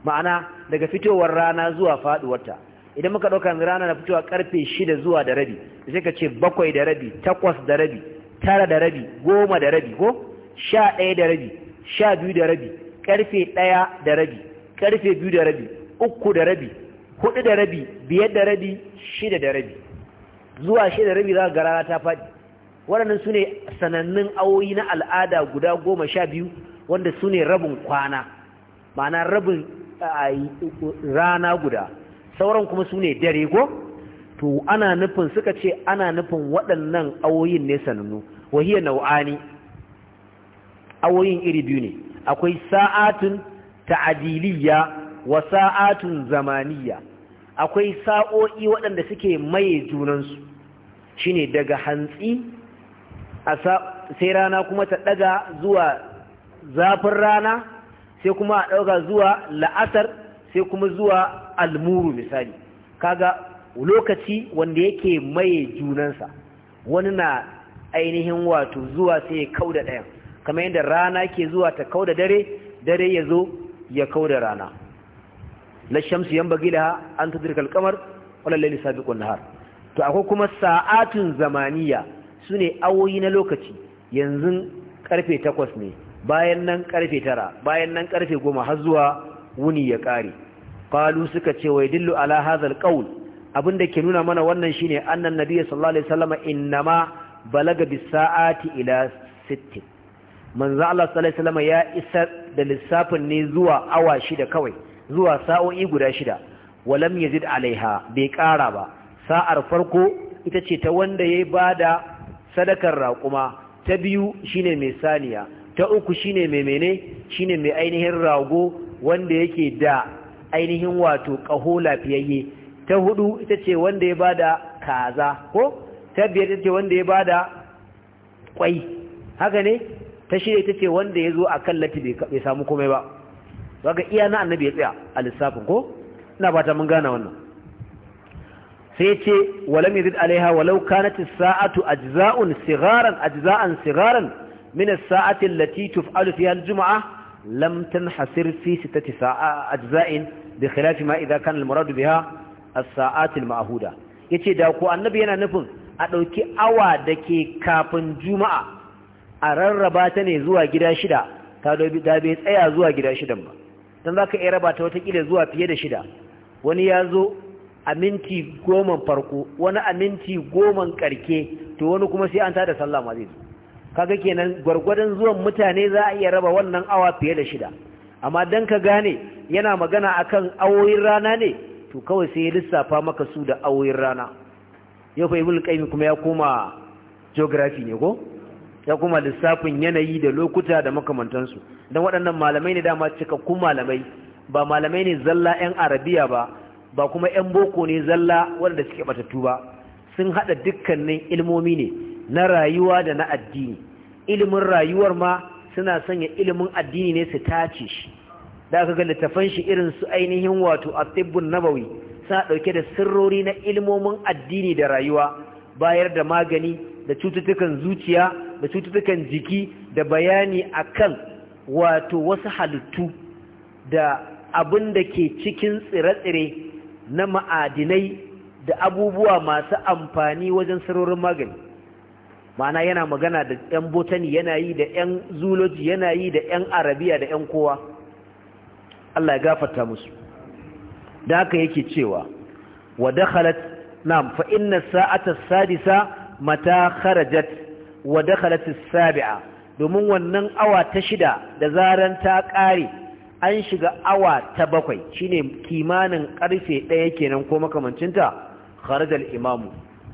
ma'ana daga fitowar rana zuwa faɗuwarta idan muka ɗauka rana na fitowa karfe shida zuwa da rabi sai ka ce bakwai da rabi takwas da rabi tara da rabi goma da rabi ko sha ɗaya da rabi sha biyu da rabi ƙarfe ɗaya da rabi ƙarfe biyu da rabi uku da rabi hudu da rabi biyar da rabi shida da rabi zuwa shida da rabi za ga rana ta faɗi waɗannan su ne sanannun awoyi na al'ada guda goma sha biyu wanda su ne rabin kwana ma'ana rabin rana guda sauran kuma su ne dare ko to ana nufin suka ce ana nufin waɗannan awoyin ne sanannu wahiyar nau'ani awoyin iri biyu ne akwai sa'atun ta'adiliya wa sa'atun zamaniya akwai sa'o'i waɗanda suke maye junansu shine daga hantsi sai rana kuma ta ɗaga zuwa zafin rana sai kuma a ɗauka zuwa la'asar sai kuma zuwa almuru misali kaga lokaci wanda yake maye junansa wani na ainihin wato zuwa sai ya da ɗayan kamar yadda rana ke zuwa ta da dare dare ya zo ya da rana la shamsu yanbaghi laha an tudrika kalkamar, qamar wala layli sabiqu har. to akwai kuma sa'atun zamaniya su ne awoyi na lokaci yanzu karfe takwas ne bayan nan karfe tara, bayan nan karfe goma, har zuwa wuni ya kare kalu suka ce wai dillu ala hazal al abin da ke nuna mana wannan shi ne, annan Nabiya sallallahu alaihi wasallam ma balaga bisa'ati sa'ati ila sittin. manzo Allah sallallahu alaihi ya isa da lissafin ne zuwa awa shida kawai zuwa sa'o'i guda shida walam yazid alaiha bai kara ba sa'ar farko ita ce ta wanda yayi bada sadakar raƙuma ta biyu shine mai saniya ta uku shine mai mene shine mai ainihin rago wanda yake da ainihin wato ƙaho lafiyayye ta hudu ita ce wanda ya bada kaza ko ta biyar ita ce wanda ya bada kwai haka ne ta shirya ita ce wanda ya zo a kan lati bai samu komai ba ga iya na annabi ya tsaya a lissafin ko ina ba ta mun gane wannan sai ce walam yazid alaiha walau kanat as-sa'atu ajza'un sigharan ajza'an sigharan min as-sa'ati allati tuf'alu fiha al-jum'ah lam tanhasir fi sittati sa'a ajza'in ma ما إذا كان المراد بها as-sa'atil ma'huda yace da ko annabi yana nufin a ɗauki awa da ke kafin juma'a a rarraba ta ne zuwa gida shida ta da bai tsaya zuwa gida shidan ba don za iya raba ta watakila zuwa fiye da shida wani yazo a minti 10 farko wani a minti 10 karke to wani kuma sai an tada sallah ma zai kaga kenan gwargwadon zuwan mutane za a iya raba wannan awa fiye da shida amma dan ka gane yana magana akan awoyin rana ne to kawai sai ya lissafa maka su da awoyin rana yau fa ibn kuma ya koma geography ne ko ya koma lissafin yanayi da lokuta da makamantansu dan waɗannan malamai ne dama cikakkun malamai ba malamai ne zalla yan arabiya ba ba kuma yan boko ne zalla wanda suke batattu ba sun haɗa dukkanin ilmomi ne na rayuwa da na addini ilimin rayuwar ma suna sanya ilimin addini ne su tace shi da aka ga littafan shi irin su ainihin wato a atibbun nabawi suna ɗauke da sirrori na ilmomin addini da rayuwa bayar da magani da cututtukan zuciya da cututtukan jiki da bayani a kan wato wasu halittu da abin da ke cikin tsire-tsire na ma'adinai da abubuwa masu amfani wajen sirrorin magani ma'ana yana magana da 'yan botani yana yi da 'yan zuloji yana yi da 'yan arabiya da 'yan kowa Allah ya gafarta musu da haka yake cewa wa dakhalat na'am fa inna sa'ata sadisa mata kharajat wa dakhalat as-sabi'a domin wannan awa ta shida da zaran ta kare an shiga awa ta bakwai shine kimanin karfe 1 kenan ko makamancinta kharajal imamu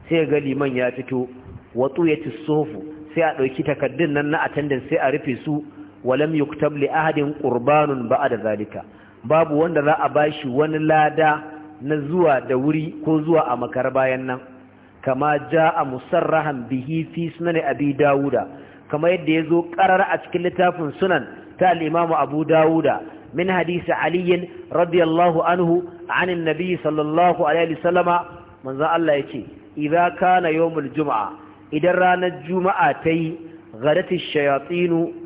sai ga liman ya fito wa tuyati sufu sai a dauki takaddun nan na attendance sai a rufe su walam yuktab li ahadin qurbanun ba'da zalika babu wanda za a bashi wani lada na zuwa da wuri ko zuwa a makar bayan nan kama ja a musarrahan bihi fi sunan abi dauda kama yadda zo qarar a cikin littafin sunan ta al-imam abu dauda min hadisi ali radiyallahu anhu anin nabi sallallahu alaihi wasallama manzo Allah yace idza kana yawmul jumu'a idan ranar juma'a ta tayi ghadatish shayatsinu.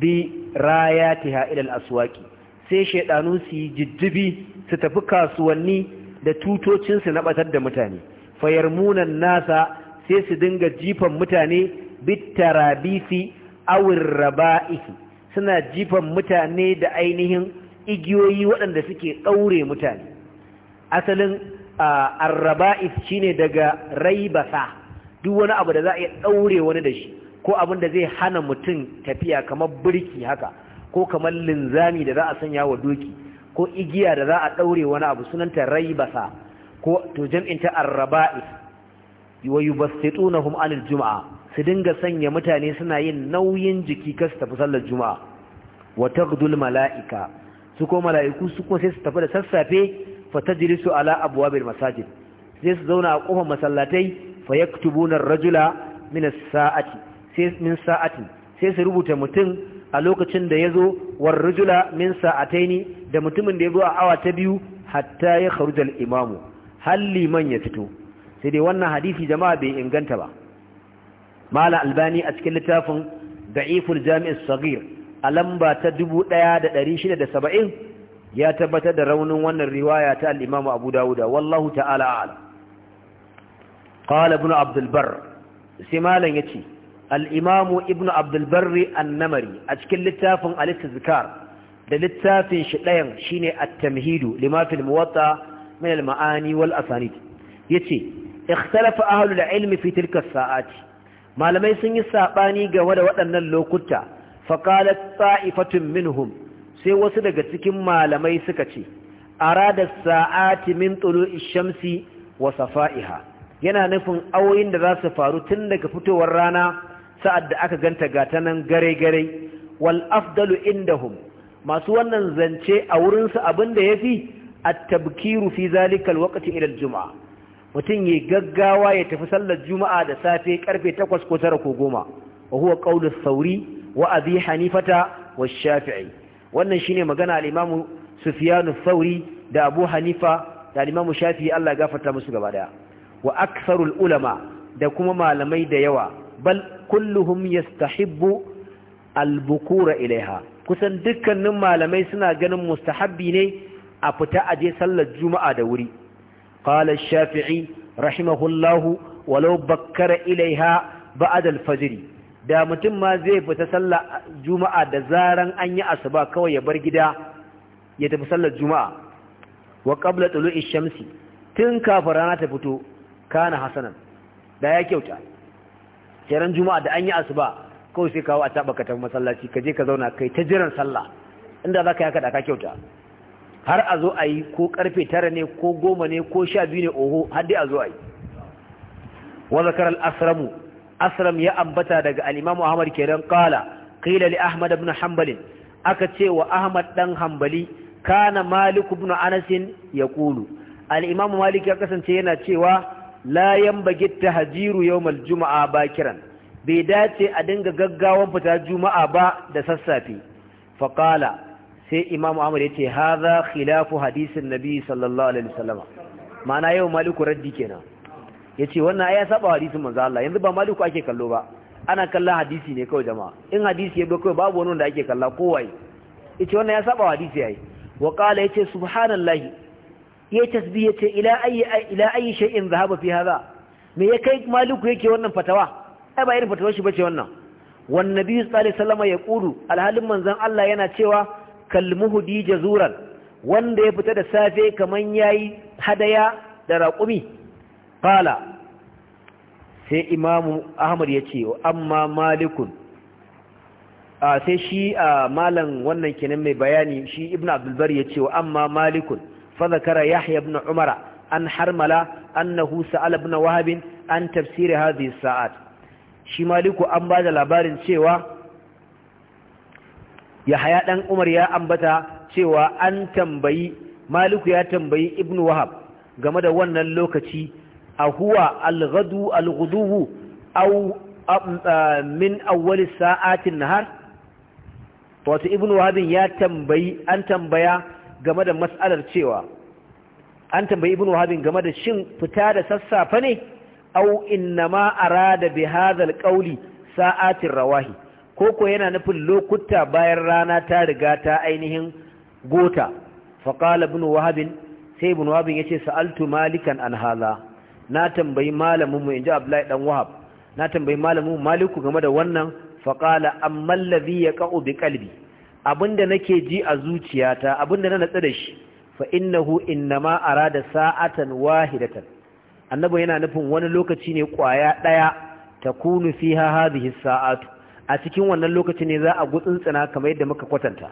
bi rayatiha ila al-aswaqi sai shaydanu su yi jijjibi su tafi kasuwanni da tutocin na batar da mutane fayarmunan nasa sai su dinga jifan mutane bitarabisi awir raba'ihi suna jifan mutane da ainihin igiyoyi waɗanda suke ɗaure mutane asalin arraba'is shine daga raibasa duk wani abu da za a iya ɗaure wani da shi ko abin da zai hana mutum tafiya kamar birki haka ko kamar linzami da za a sanya wa doki ko igiya da za a ɗaure wani abu sunanta raibasa ko to jam'in ta arraba'i wa yubassitunahum anil juma'a su dinga sanya mutane suna yin nauyin jiki kas tafi sallar juma'a wa taqdul mala'ika su ko mala'iku su ko sai su tafi da sassafe fa tajlisu ala abwabil masajid sai su zauna a kofar masallatai fa yaktubuna ar-rajula min as-sa'ati sai min sa'atin sai su rubuta mutum a lokacin da ya zo war rujula min sa'ataini da mutumin da ya zo a awa ta biyu hatta ya kharuja al-imamu hal liman ya fito sai dai wannan hadisi jama'a bai inganta ba mala albani a cikin littafin da'iful jami' as-saghir a lamba ta 1670 ya tabbatar da raunin wannan riwaya ta al-imamu abu dawuda wallahu ta'ala a'lam qala ibn abd al-barr sai malan yace al'imamu Ibnu abdulbarri annamari a cikin littafin al-tazkar da littafin shi ɗayan shine at-tamhidu limafil muwatta min al-ma'ani Ya ce, yace ikhtalafa ahlul ilmi fi tilka saati malamai sun yi saɓani game da waɗannan lokuta faqalat min hum, sai wasu daga cikin malamai suka ce arada sa'ati min tulu'i shamsi wa safa'iha yana nufin awoyin da za su faru tun daga fitowar rana sa'ad da aka ganta gata nan gare-gare wal afdalu indahum masu wannan zance a wurinsu abin da ya fi a tabkiru fi zalikal wakati idan juma'a mutum ya gaggawa ya tafi sallar juma'a da safe karfe takwas ko tara ko goma wa huwa sauri wa abi hanifata wa shafi'i wannan shine magana alimamu Sufiyanu sauri da abu hanifa da alimamu imam shafi'i Allah gafarta musu gaba daya wa Aksarul ulama da kuma malamai da yawa bal kulluhum yastahibbu al ilaiha kusan dukkanin malamai suna ganin mustahabbi ne a fita a je sallar juma'a da wuri qala ash-shafi'i rahimahullahu walau bakkara ilaiha ba'da al-fajr da mutum ma zai fita sallar juma'a da zaran an yi asuba kawai ya bar gida ya tafi sallar juma'a wa qabla tulu'i shamsi tun kafin rana ta fito kana hasanan da ya kyauta kiran juma'a da an yi asuba kawai sai kawo a taɓa ka masallaci ka je ka zauna kai ta jiran sallah inda za ka yi haka da ka kyauta har a zo a yi ko karfe tara ne ko goma ne ko sha biyu ne oho har dai a zo a yi wanda zakar asramu asram ya ambata daga alimamu ahmad kenan qala qila li ahmad ibn Hambalin, aka ce wa ahmad ɗan hanbali kana malik ibn Anasin ya al-imamu malik ya kasance yana cewa la Hajiru yau maljuma'a juma'a kiran bai dace a dinga gaggawan fita juma'a ba da sassafe faqala sai imamu amr yace hadha khilafu hadisin nabi sallallahu alaihi wasallama ma'ana yau maliku raddi kenan yace wannan ai ya saba hadisin manzo Allah yanzu ba maliku ake kallo ba ana kallon hadisi ne kawai jama'a in hadisi ya bi kawai babu wani wanda ake kalla kowai yace wannan ya saba hadisi yayi wa ya yace subhanallahi ya tasbi ya ce ila ayi shay'in zahaba fi hadha me ya kai maliku yake wannan fatawa ai ba irin fatawar shi bace wannan wan nabi sallallahu alaihi wasallam ya kudu alhalin manzon Allah yana cewa dija jazuran wanda ya fita da safe kaman yayi hadaya da raƙumi qala sai imamu ahmad ya ce amma malikun sai shi malam wannan kenan mai bayani shi ibnu abdul bar ya ce amma malikun فذكر يحيى بن عمر أن حرملة أنه سأل ابن وهب عن تفسير هذه الساعات شمالك أنباد العبار سوى يحيى أن عمر يا أنبتا سوى أن تنبي مالك يا تنبي ابن وهب game da wannan lokaci a huwa alghadu alghuduhu aw min awwal sa'atin nahar wato ibnu wahabin ya tambayi an tambaya game da mas'alar cewa an tambayi ibn wahabin game da shin fita da sassafe ne au ma arada bi hadhal qawli sa'atir rawahi koko yana nufin lokuta bayan rana ta riga ta ainihin gota fa qala ibn wahabin sai ibn wahabin yace sa'altu malikan an hadha na tambayi malamin mu inji abdullahi dan wahab na tambayi malamin maliku game da wannan fa qala amma alladhi yaqa'u bi qalbi Abin da nake ji a zuciyata abinda na natsu da shi fa innahu innama arada sa'atan wahidatan annabi yana nufin wani lokaci ne kwaya daya takunu fiha hadhihi sa'atu a cikin wannan lokaci ne za a gutsuntsina kamar yadda muka kwatanta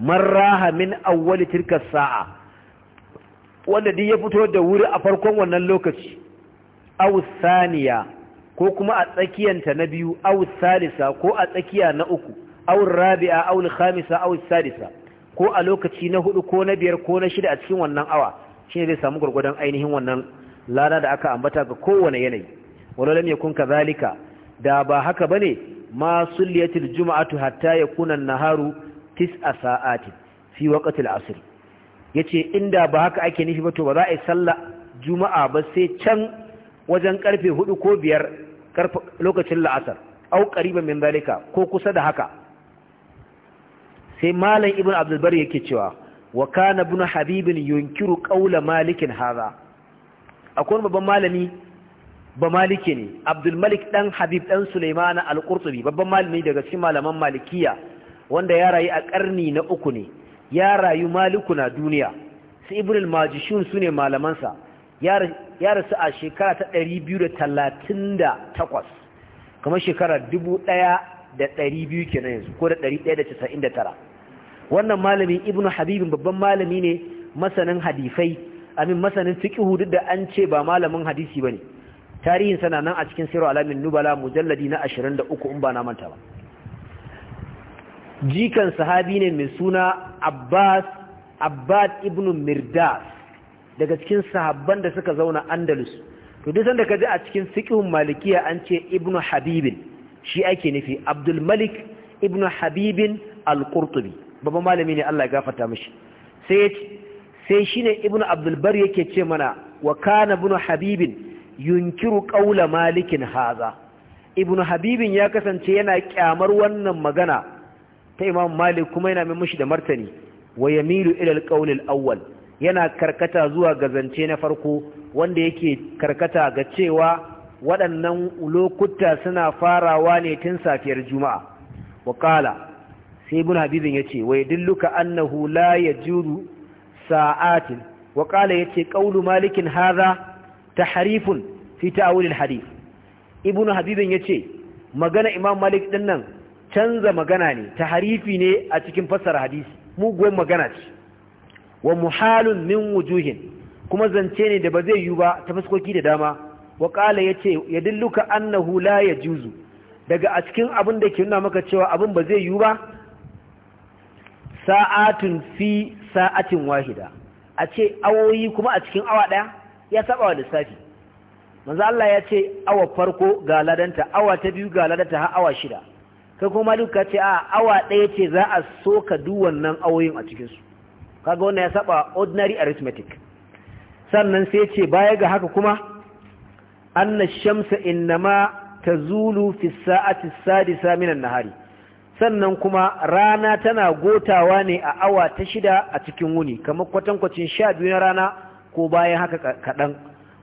man raha min awwali tilka sa'a wanda duk ya fito da wuri a farkon wannan lokaci aw saniya ko kuma a tsakiyanta na biyu aw salisa ko a tsakiya na uku aw rabi'a aw al-khamisa aw sadisa ko a lokaci na hudu ko na biyar ko na shida a cikin wannan awa shine zai samu gurgurdan ainihin wannan lada da aka ambata ga kowane yanayi wala lam yakun kadhalika da ba haka bane ma sulliyatil juma'atu hatta yakuna an-naharu tis'a sa'atin fi waqtil asr yace inda ba haka ake nufi ba to ba za a yi sallah juma'a ba sai can wajen karfe hudu ko biyar lokacin la'asar au qariban min zalika ko kusa da haka sai malam ibn abdulbar yake cewa wa kana ibn habibin yunkiru qaula malikin hadha akwai babban malami ba maliki ne abdul malik dan habib dan suleiman al-qurtubi babban malami daga cikin malaman malikiya wanda ya rayu a karni na uku ne ya rayu maliku na duniya Sai ibn al-majishun sune malamansa ya rasu a shekara ta 238 kamar shekara 1200 kenan yanzu ko da 199 wannan malami ibnu habibin babban malami ne masanin hadisai amin masanin fiqhu duk da an ce ba malamin hadisi bane tarihin sana nan a cikin siru alamin nubala mujalladi na 23 in ba na manta ba jikan sahabi ne mai suna abbas abbad ibn mirdas daga cikin sahabban da suka zauna andalus to duk sanda kaje a cikin fiqhun malikiya an ce ibn habibin shi ake nufi abdul malik ibn habibin al-qurtubi babban malami ne Allah ya gafarta mishi sai sai shine ibnu abdul bar yake ce mana wa kana ibnu habibin yunkiru qawla malikin haza ibnu habibin ya kasance yana kyamar wannan magana ta imam malik kuma yana mai mishi da martani wa yamilu ila alqawl alawwal yana karkata zuwa ga zance na farko wanda yake karkata ga cewa waɗannan lokuta suna farawa ne tun safiyar juma'a wa kala sai ibn habibin yace wa dilluka annahu la juru sa'atin wa qala yace qawlu malikin hadha tahrifun fi ta'wil al-hadith ibn habibin yace magana imam malik din nan canza magana ne tahrifi ne a cikin fassara hadisi muguwar magana ce wa muhalun min wujuhin kuma zance ne da ba zai yiwu ba ta fuskoki da dama wa qala yace yadulluka annahu la yajuzu daga a cikin abin da ke nuna maka cewa abin ba zai yiwu ba sa'atun fi sa'atin wahida a ce awoyi kuma a cikin awa ɗaya ya saba wa lissafi manzo Allah ya ce awa farko ga ladanta awa ta biyu ga ladanta har awa shida kai kuma Malik ka ce a awa ɗaya ce za a soka duk wannan awoyin a cikin su kaga wannan ya saba ordinary arithmetic sannan sai ce baya ga haka kuma anna shamsa innama tazulu fi sa'ati sadisa minan nahari sannan kuma rana tana gotawa ne a awa ta shida a cikin wuni kamar kwatankwacin sha biyu na rana ko bayan haka kaɗan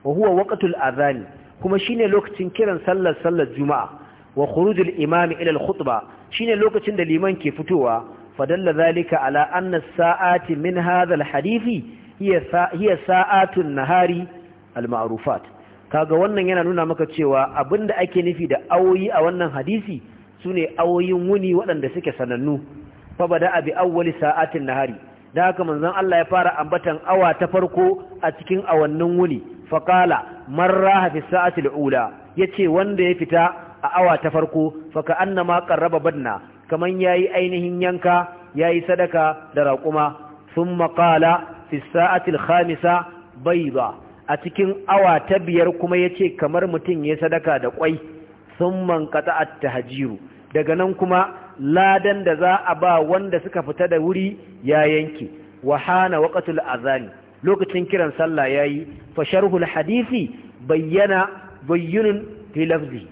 wa huwa waqtul azani kuma shine lokacin kiran sallar sallar juma'a wa khurujul imami ila al-khutba shine lokacin da liman ke fitowa fadalla zalika ala anna sa'ati min hadha al-hadithi hiya sa'atun nahari al-ma'rufat kaga wannan yana nuna maka cewa abinda ake nufi da awoyi a wannan hadisi sune awoyin wuni waɗanda suke sanannu fa bada abi awwali sa'atin nahari da haka manzon Allah ya fara ambatan awa ta farko a cikin awannin wuni qala man raha fi sa'atil ula yace wanda ya fita a awa ta farko fa ka annama qarraba badna kaman yayi ainihin yanka yayi sadaka da raquma thumma qala fi sa'atil khamisa bayda a cikin awa ta biyar kuma yace kamar mutun ya sadaka da kwai sun mankata a tahajiru daga nan kuma ladan da za a ba wanda suka fita da wuri ya yanke wahana waƙatul azani lokacin kiran sallah yayi fa sharhul hadisi bayyana bayyunun fi lafzi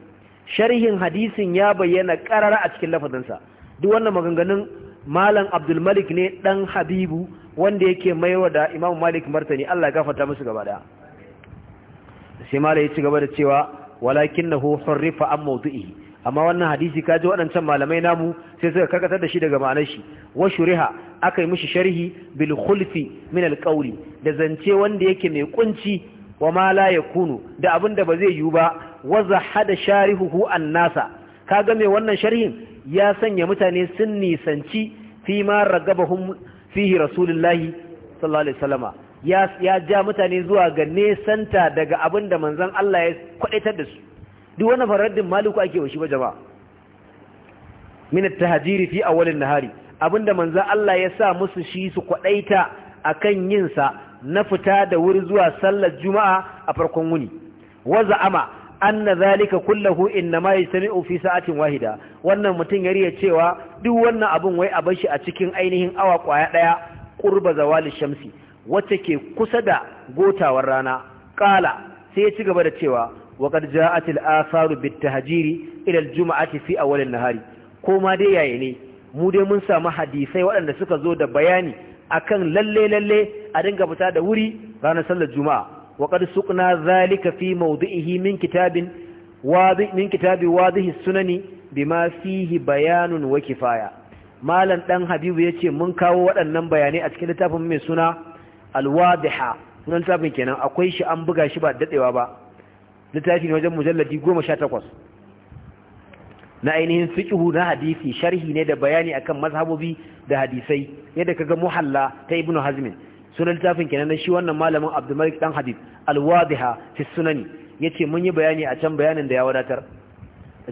sharhin hadisin ya bayyana karara a cikin lafazinsa duk wannan maganganun malam abdul malik ne ɗan habibu wanda yake maiwa da imam malik martani Allah ya gafarta musu gaba daya sai malam ya ci gaba da cewa na hurrifa an mawdu'i amma wannan hadisi kaji waɗancan malamai namu sai suka karkatar da shi daga ma'anar shi wa shuriha aka yi mishi sharhi bil khulfi min al qawli da zance wanda yake mai kunci wa ma la yakunu da abin da ba zai yiwu ba wa zahada sharihuhu an nasa kaga mai wannan sharhin ya sanya mutane sun nisanci fi ma ragabahum fihi rasulullahi sallallahu alaihi wasallama ya ja mutane zuwa ga nesanta daga abin da manzan Allah ya kwadaitar da su duk wani faradin maluku ake wa shi ba jama'a min at fi awwal an abin da manzan Allah ya sa musu shi su kwadaita akan yin sa na fita da wuri zuwa sallar juma'a a farkon wuni Waza ama an na zalika kullahu inma sami fi sa'atin wahida wannan mutum ya riya cewa duk wannan abin wai a bashi a cikin ainihin awa kwaya ɗaya, ƙurba zawali shamsi wacce ke kusa da gotawar rana ƙala sai ya ci gaba da cewa waƙar ja'atil asaru bit tahjiri ila al-jum'ati fi a an-nahari ko ma dai yaye ne mu dai mun samu hadisai waɗanda suka zo da bayani akan lalle lalle a dinga fita da wuri ranar sallar juma'a waƙar suqna zalika fi mawdi'ihi min kitabin wadi min kitabi wadihi sunani bima fihi bayanun wa kifaya malam dan habibu yace mun kawo waɗannan bayanai a cikin littafin mai suna alwadiha sunan littafin kenan akwai shi an buga shi ba dadewa ba littafi ne wajen mujalladi goma sha takwas. na ainihin fiqhu na hadisi sharhi ne da bayani akan mazhabobi da hadisai yadda kaga muhalla ta ibnu Hazmin. sunan littafin kenan shi wannan malamin abdulmalik dan hadis alwadiha fi sunani yace mun yi bayani a can bayanin da ya wadatar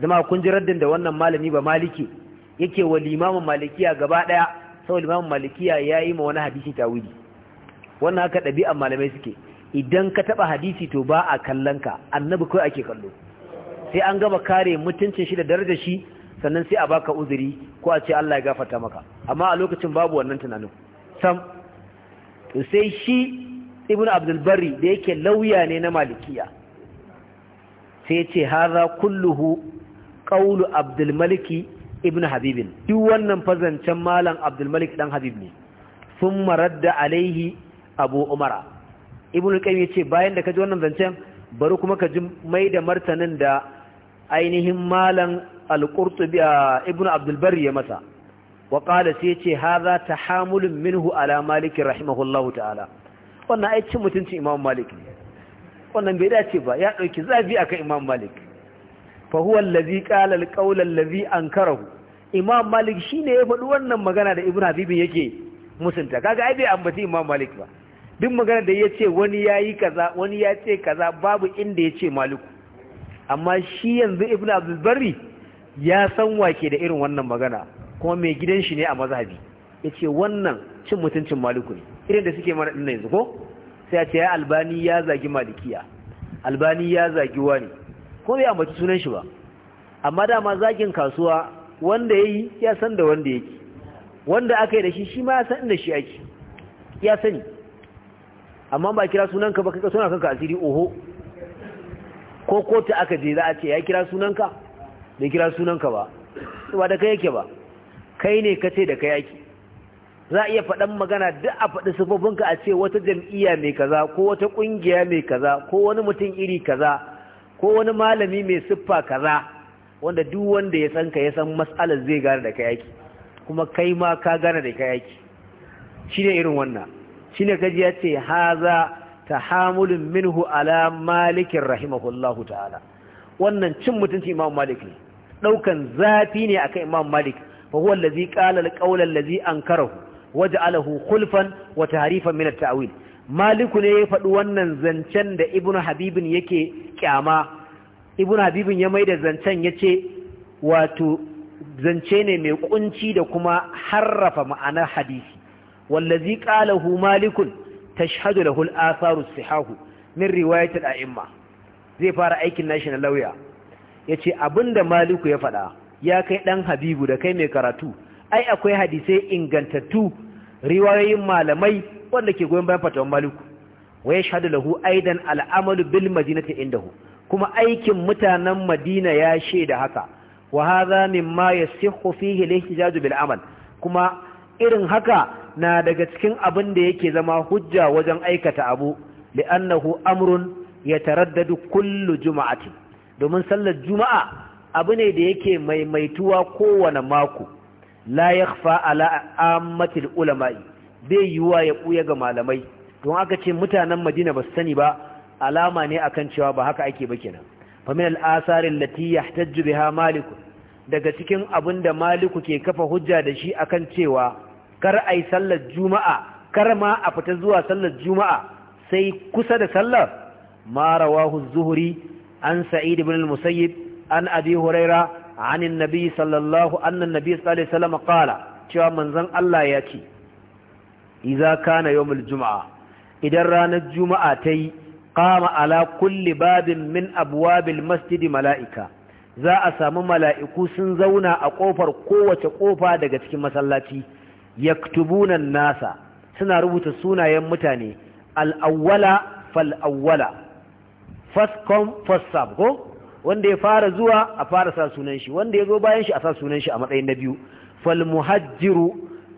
jama'a kun ji raddin da wannan malami ba maliki yake wa limamin malikiya gaba daya saboda limamin malikiya yayi ma wani hadisi tawili wannan haka ɗabi'an malamai suke idan ka taɓa hadisi to ba a kallon ka annabi kawai ake kallo sai an gama kare mutuncin shi da darajar shi sannan sai a baka uzuri ko a ce Allah ya gafarta maka amma a lokacin babu wannan tunanin sam to sai shi ibnu abdul barri da yake lauya ne na malikiya sai ce hadha kulluhu qawlu abdul maliki ibnu habibin duk wannan fazancen malam abdul malik dan habib ne sun maradda alaihi abu umara ibn qayyim yace bayan da kaji wannan zancen bari kuma ka ji mai da martanin da ainihin malam al-qurtubi ibn abdul barri ya masa wa qala sai yace hadha tahamulun minhu ala malik rahimahullahu ta'ala wannan ai cin mutuncin imam malik wannan bai dace ba ya dauki zabi akan imam malik fa huwa allazi qala al-qawl allazi ankarahu imam malik shine ya faɗi wannan magana da ibn habibin yake musunta kaga ai bai ambaci imam malik ba duk magana da ya ce wani ya yi kaza wani ya ce kaza babu inda ya ce maliku amma shi yanzu ibn abdulbari ya san wake da irin wannan magana kuma mai gidan shi ne a mazhabi ya ce wannan cin mutuncin maliku ne irin da suke mana ɗin yanzu ko sai ya ce ya albani ya zagi malikiya albani ya zagi wani ko bai ambaci sunan shi ba amma dama zagin kasuwa wanda ya yi ya san da wanda yake wanda aka yi da shi shi ma ya san inda shi ake ya sani amma ba kira sunanka ba kaka suna kanka asiri oho ko kotu aka je za a ce ya kira sunanka bai kira sunanka ba ba da kai yake ba kai ne ka ce da kai yake za a iya faɗan magana duk a faɗi ka a ce wata jam'iyya mai kaza ko wata ƙungiya mai kaza ko wani mutum iri kaza ko wani malami mai siffa kaza wanda duk wanda ya san ka ya san mas'alar zai gane da kai yake kuma kai ma ka gane da kai yake shi ne irin wannan shine kaji ya ce haza tahamulun minhu ala malikin rahimahullahu ta'ala wannan cin mutunci imam malik ne daukan zafi ne akan imam malik fa huwa allazi qala alqawla allazi ankarahu waj'alahu khulfan wa tahrifan min at-ta'wil maliku ne ya faɗi wannan zancen da ibnu habibin yake kyama ibnu habibin ya maida zancen yace wato zance ne mai kunci da kuma harrafa ma'anar hadisi wallazi qalahu malikun tashhadu lahu al-atharu sihahu min riwayat al-a'imma zai fara aikin nashi na lauya yace abinda maliku ya faɗa ya kai dan habibu da kai mai karatu ai akwai hadisai ingantattu riwayoyin malamai wanda ke goyon bayan fatawan maliku wa yashhadu lahu aidan al-amalu bil madinati indahu kuma aikin mutanen Madina ya shaida haka wa hadha mimma yasihhu fihi al-ihtijaj bil amal kuma irin haka na daga cikin abin da yake zama hujja wajen aikata abu li'annahu amrun yataraddadu kullu juma'ati domin sallar juma'a abu ne da yake maimaituwa kowane mako la yakhfa ala ammatil ulama'i bai yiwa ya buya ga malamai don aka ce mutanen Madina ba sani ba alama ne akan cewa ba haka ake ba kenan fa min al-asar allati yahtajju biha malik daga cikin da maliku ke kafa hujja da shi akan cewa kar a yi sallar juma'a kar ma a fita zuwa sallar juma'a sai kusa da sallar ma zuhuri an sa'id ibn al-musayyib an abi huraira an annabi sallallahu anna annabi sallallahu alaihi wasallam cewa manzon Allah ya ce idza kana yawmul juma'a idan ranar juma'a ta yi kama ala kulli babin min abwabil masjidi mala'ika za a samu mala'iku sun zauna a ƙofar kowace ƙofa daga cikin masallaci yaktubunan nasa suna rubuta sunayen mutane al'awwala fal'awwala fascom fassab ko wanda ya fara zuwa a fara sa sunan shi wanda ya zo bayan shi a sa sunan shi a matsayin na biyu falmuhajjiru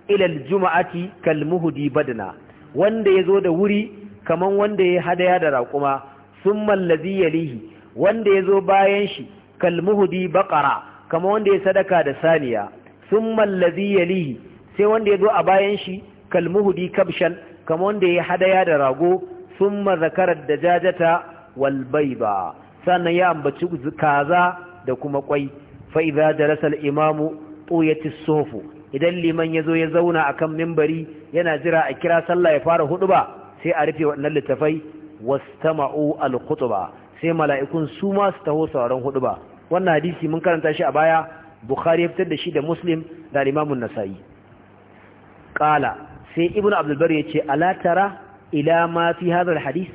ilal juma'ati kalmuhudi badna wanda ya zo da wuri kaman wanda ya hadaya da raƙuma sun mallazi yalihi wanda ya zo bayan shi kalmuhudi baƙara kaman wanda ya sadaka da saniya sun mallazi yalihi sai wanda ya zo a bayan shi kalmuhudi kabshan kama wanda ya hadaya da rago sun mazakarar da jajata walbai ba sannan ya ambaci kaza da kuma kwai fa'iza rasar imamu ɓoyeti sofu idan liman ya zo ya zauna a kan mimbari yana jira a kira sallah ya fara hudu ba sai a rufe waɗannan littafai ma'o al ba sai mala'ikun su masu taho sauran hudu ba wannan hadisi mun karanta shi a baya bukhari ya fitar da shi da muslim da limamun Nasayi. qala sai ibn abdul bari yace ala tara ila ma fi hadha al hadith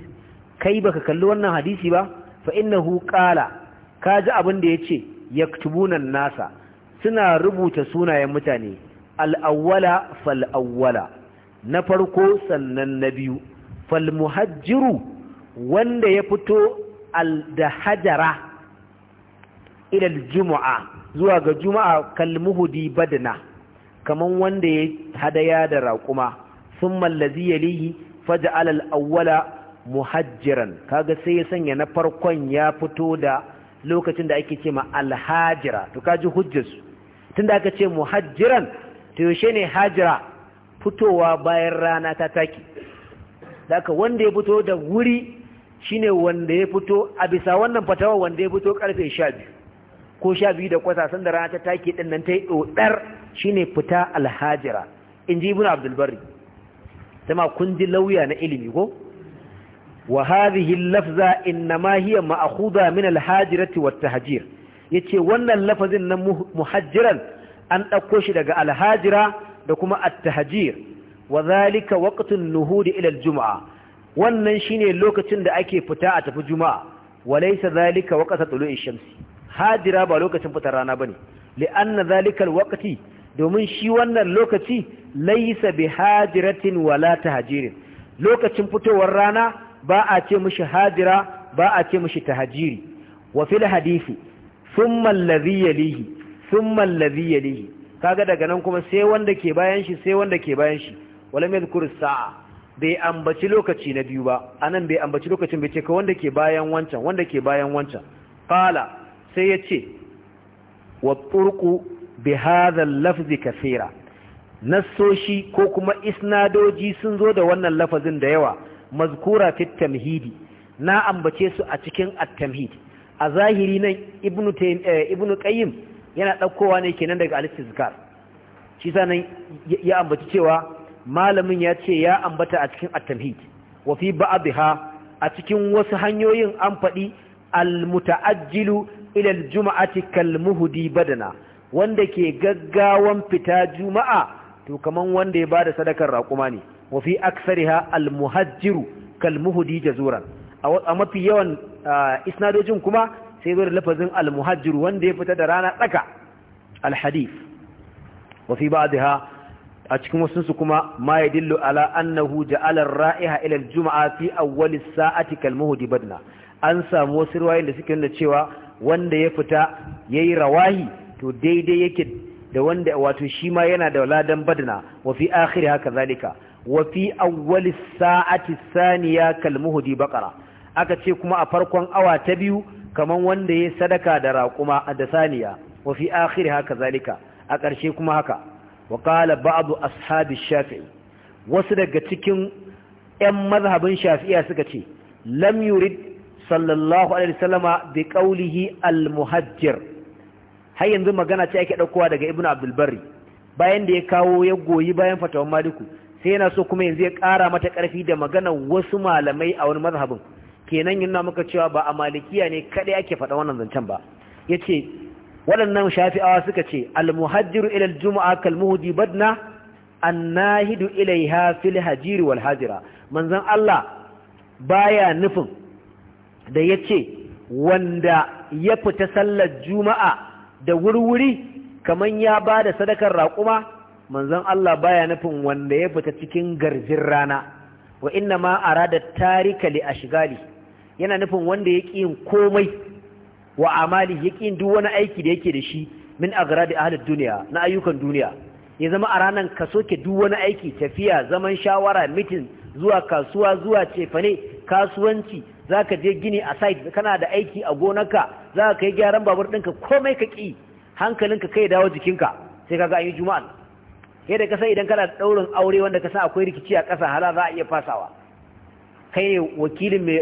kai baka kalli wannan hadisi ba fa innahu qala kaji abin da yace yaktubuna nasa suna rubuta sunayen mutane al awwala fal awwala na farko sannan na biyu fal muhajjiru wanda ya fito al da hajara ila al jumu'a zuwa ga juma'a kal muhdi badna kaman wanda ya hadaya da raƙuma sun mallazi yalihi faja alal awwala muhajjiran kaga sai ya sanya na farkon ya fito da lokacin da ake ce ma alhajira to kaji hujjarsu tun da aka ce muhajjiran to yaushe ne hajira fitowa bayan rana ta take daga wanda ya fito da wuri shine wanda ya fito a bisa wannan fatawa wanda ya fito karfe 12 ko 12 da kwasa sanda rana ta take din nan ta yi dodar shine fita alhajira in ji abdul barri sama kun ji lauya na ilimi ko wa hadhihi lafza innama hiya ma'khudha min alhajirati wat yace wannan lafazin na muhajjiran an dauko shi daga alhajira da kuma attahjir wa zalika waqtun nuhud ila al wannan shine lokacin da ake fita a tafi juma'a wa zalika waqta tulu'i shamsi hajira ba lokacin fitar rana bane li'anna dhalika al-waqti domin shi wannan lokaci laisa bi hajiratin wala tahjirin lokacin fitowar rana ba a ce mishi hajira ba a ce mishi tahjiri wa fil hadisi thumma alladhi yalihi thumma alladhi yalihi kaga daga nan kuma sai wanda ke bayan shi sai wanda ke bayan shi wala yadhkur sa'a bai ambaci lokaci na biyu ba anan bai ambaci lokacin bai ce ka wanda ke bayan wancan wanda ke bayan wancan qala sai yace wa turqu bi hadha lafzi kaseera nassoshi ko kuma isnadoji sun zo da wannan lafazin da yawa mazkura fi tamhidi na ambace su a cikin at-tamhid a zahiri nan ibnu eh, ibnu qayyim yana daukowa ne kenan daga al-istizkar shi sanan ya ambaci cewa malamin ya ce ya ambata a cikin at-tamhid wa fi ba'dha a cikin wasu hanyoyin an faɗi al-muta'ajjilu ila al-jum'ati kal-muhdi badana wanda ke gaggawan fita juma'a to kaman wanda ya bada sadakar raƙuma ne wa fi aksariha almuhajjiru kalmuhudi jazuran a mafi yawan isnadojin kuma sai zo da lafazin almuhajjiru wanda ya fita da rana tsaka alhadif wa fi ba'daha a cikin wasunsu kuma ma ya dillo ala annahu ja'ala ra'iha ila juma'a, fi awwal sa'ati kalmuhudi badna an samu wasu riwayoyin da suke nuna cewa wanda ya fita yayi rawahi to daidai yake da wanda wato shi ma yana da ladan badna wa fi akhiri haka zalika wa fi awwali sa'ati thaniya kal muhdi baqara aka ce kuma a farkon awa ta biyu kaman wanda ya sadaka da raquma da saniya wa fi akhiri haka zalika a ƙarshe kuma haka wa qala ba'du ashabi shafi'i wasu daga cikin ƴan mazhabin shafi'iya suka ce lam yurid sallallahu alaihi wasallama bi qawlihi al muhajjir har yanzu magana ce ake ɗaukowa daga ibnu abdul bayan da ya kawo ya goyi bayan fatawan maliku sai yana so kuma yanzu ya ƙara mata ƙarfi da magana wasu malamai a wani mazhabin kenan yana maka cewa ba a malikiya ne kaɗai ake faɗa wannan zancen ba ya ce waɗannan shafi'awa suka ce almuhajjiru ilal juma'a kalmuhudi badna annahidu ilaiha fil hajiri wal hajira manzon Allah baya nufin da yace wanda ya fita sallar juma'a da wurwuri kaman ya ba da sadakar raƙuma manzon Allah baya nufin wanda ya fita cikin garjin rana wa inna ma arada tarika li ashgali yana nufin wanda ya yin komai wa amali ya yin duk wani aiki da yake da shi min agradi ahli duniya na ayyukan duniya ya zama a ranar ka soke duk wani aiki tafiya zaman shawara mitin zuwa kasuwa zuwa cefane kasuwanci za ka je gini a site kana da aiki a gonarka za ka kai gyaran babur ɗinka komai ka ƙi hankalinka kai dawo jikinka sai ka ga an yi juma'an yadda da kasa idan kana ɗaurin aure wanda ka san akwai rikici a ƙasa hala za a iya fasawa kai ne wakilin mai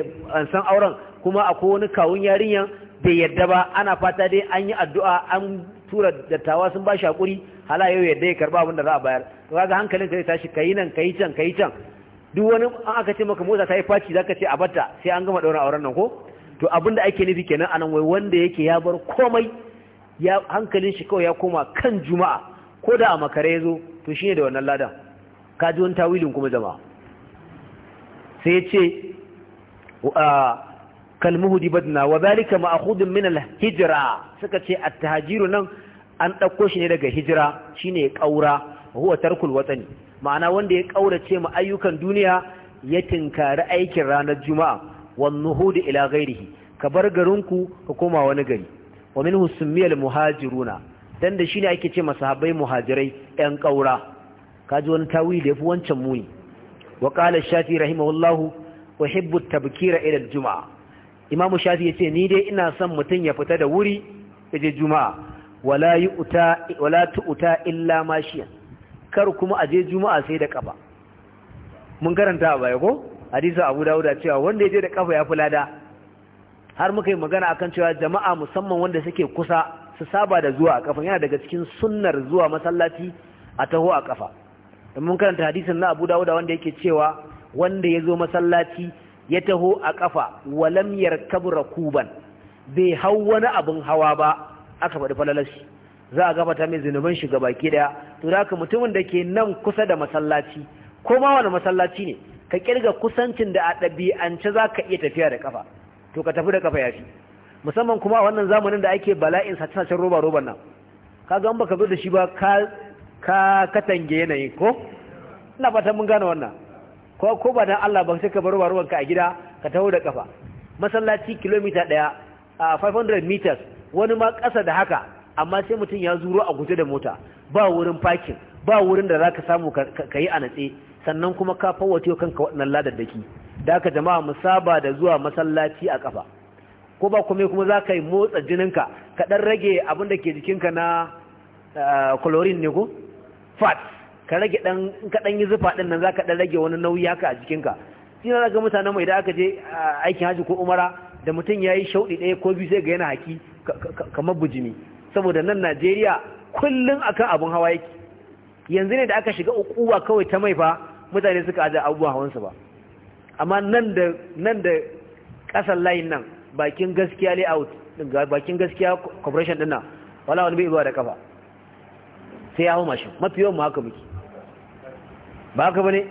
san auren kuma akwai wani kawun yarinyan bai yadda ba ana fata dai an yi addu'a an tura dattawa sun ba shi hakuri hala yau yadda ya karba abin da za a bayar to kaga hankalin ka zai tashi kayi nan kayi can kayi can duk wani an aka ce maka motsa ta yi faci za ka ce a bata sai an gama daura auren nan ko to abin da ake nufi kenan anan wai wanda yake ya bar komai ya hankalin shi kawai ya koma kan juma'a ko da a makare ya zo to shine da wannan ladan ka ji wani tawilin kuma jama'a sai ya ce kalmuhu dibadna wa zalika ma'khudun min al-hijra suka ce at tahajiru nan an dauko shi ne daga hijira shine kaura huwa tarkul watani ma'ana wanda ya kaurace ma ayyukan duniya ya tinkari aikin ranar juma'a wan nuhudu ila ghairihi ka bar garinku ka koma wani gari wa minhu sumiyal muhajiruna dan da shine ake ce masahabbai muhajirai yan kaura kaji wani tawili da yafi wancan muni wa qala shafi rahimahullahu uhibbu at-tabkira ila al-jum'a imamu shafi yace ni dai ina son mutun ya fita da wuri yaje juma'a wala yu'ta wala tu'ta illa mashiyan kar kuma a je juma'a sai da kafa mun karanta a baya ko hadisi abu dawuda cewa wanda ya je da kafa ya fi lada har muka yi magana akan cewa jama'a musamman wanda suke kusa su saba da zuwa a kafa yana daga cikin sunnar zuwa masallaci a taho a kafa mun karanta hadisin na abu dawuda wanda yake cewa wanda ya zo masallaci ya taho a ƙafa. walam Kabra Kuban. bai hau wani abin hawa ba aka faɗi falalashi za a gabata mai zunuban shi baki daya to da mutumin da ke nan kusa da masallaci ko ma wani masallaci ne ka kirga kusancin da a ɗabi'ance za ka iya tafiya da kafa to ka tafi da kafa yafi musamman kuma a wannan zamanin da ake bala'in sace-sacen roba-roban nan ka ga ka zo da shi ba ka katange yanayi ko ina fatan mun gane wannan ko ko ba dan Allah ba sai ka bar roba-roban ka a gida ka taho da kafa masallaci kilomita daya a 500 meters wani ma ƙasa da haka amma sai mutum ya zuro a guje da mota ba wurin fakin ba wurin da zaka samu ka yi a natse sannan kuma ka fawwace kanka waɗannan ladar da aka jama'a mu saba da zuwa masallaci a ƙafa. ko ba kuma kuma za ka yi motsa jininka ka ɗan rage abin da ke jikinka na eh, chlorine ne ko fat ka rage in ka ɗan yi zufa ɗin nan za ka ɗan rage wani nauyi haka a jikinka ina ga mutanen mu idan aka je eh, aikin haji ko umara da mutum ya yi shauɗi ɗaya ko biyu sai ga yana haki kamar bujimi saboda nan Najeriya kullum akan abun hawa yake yanzu ne da aka shiga ukuwa kawai ta mai fa mutane suka aje abubuwa hawansu ba amma nan da nan da layin nan bakin gaskiya layout bakin gaskiya corporation din nan wala wani bai zuwa da kafa sai ya hau mashin mafi yawan mu haka muke ba haka bane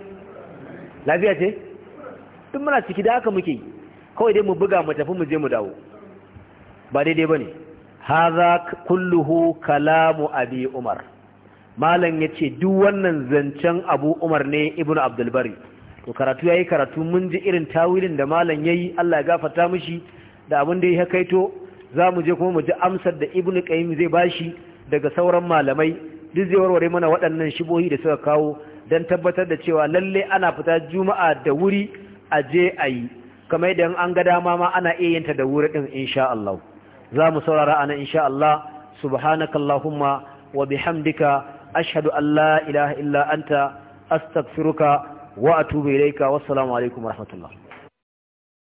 lafiya ce duk muna ciki da haka muke kawai dai mu buga mu tafi mu je mu dawo ba daidai bane haza kulluhu kalamu abi umar malam yace duk wannan zancen abu umar ne ibnu abdul bari to karatu yayi karatu mun ji irin tawilin da malam yayi Allah ya gafarta mishi da abin da ya kaito zamu je kuma mu ji amsar da ibnu qayyim zai bashi daga sauran malamai duk zai warware mana waɗannan shibohi da suka kawo dan tabbatar da cewa lalle ana fita juma'a da wuri aje ayi kamar idan an ga dama ma ana iya yinta da wuri din insha Allah za mu saurara a nan insha Allah subhanakallahumma wa bihamdika ashhadu an la ilaha illa anta astaghfiruka wa atubu ilayka wassalamu alaikum warahmatullahi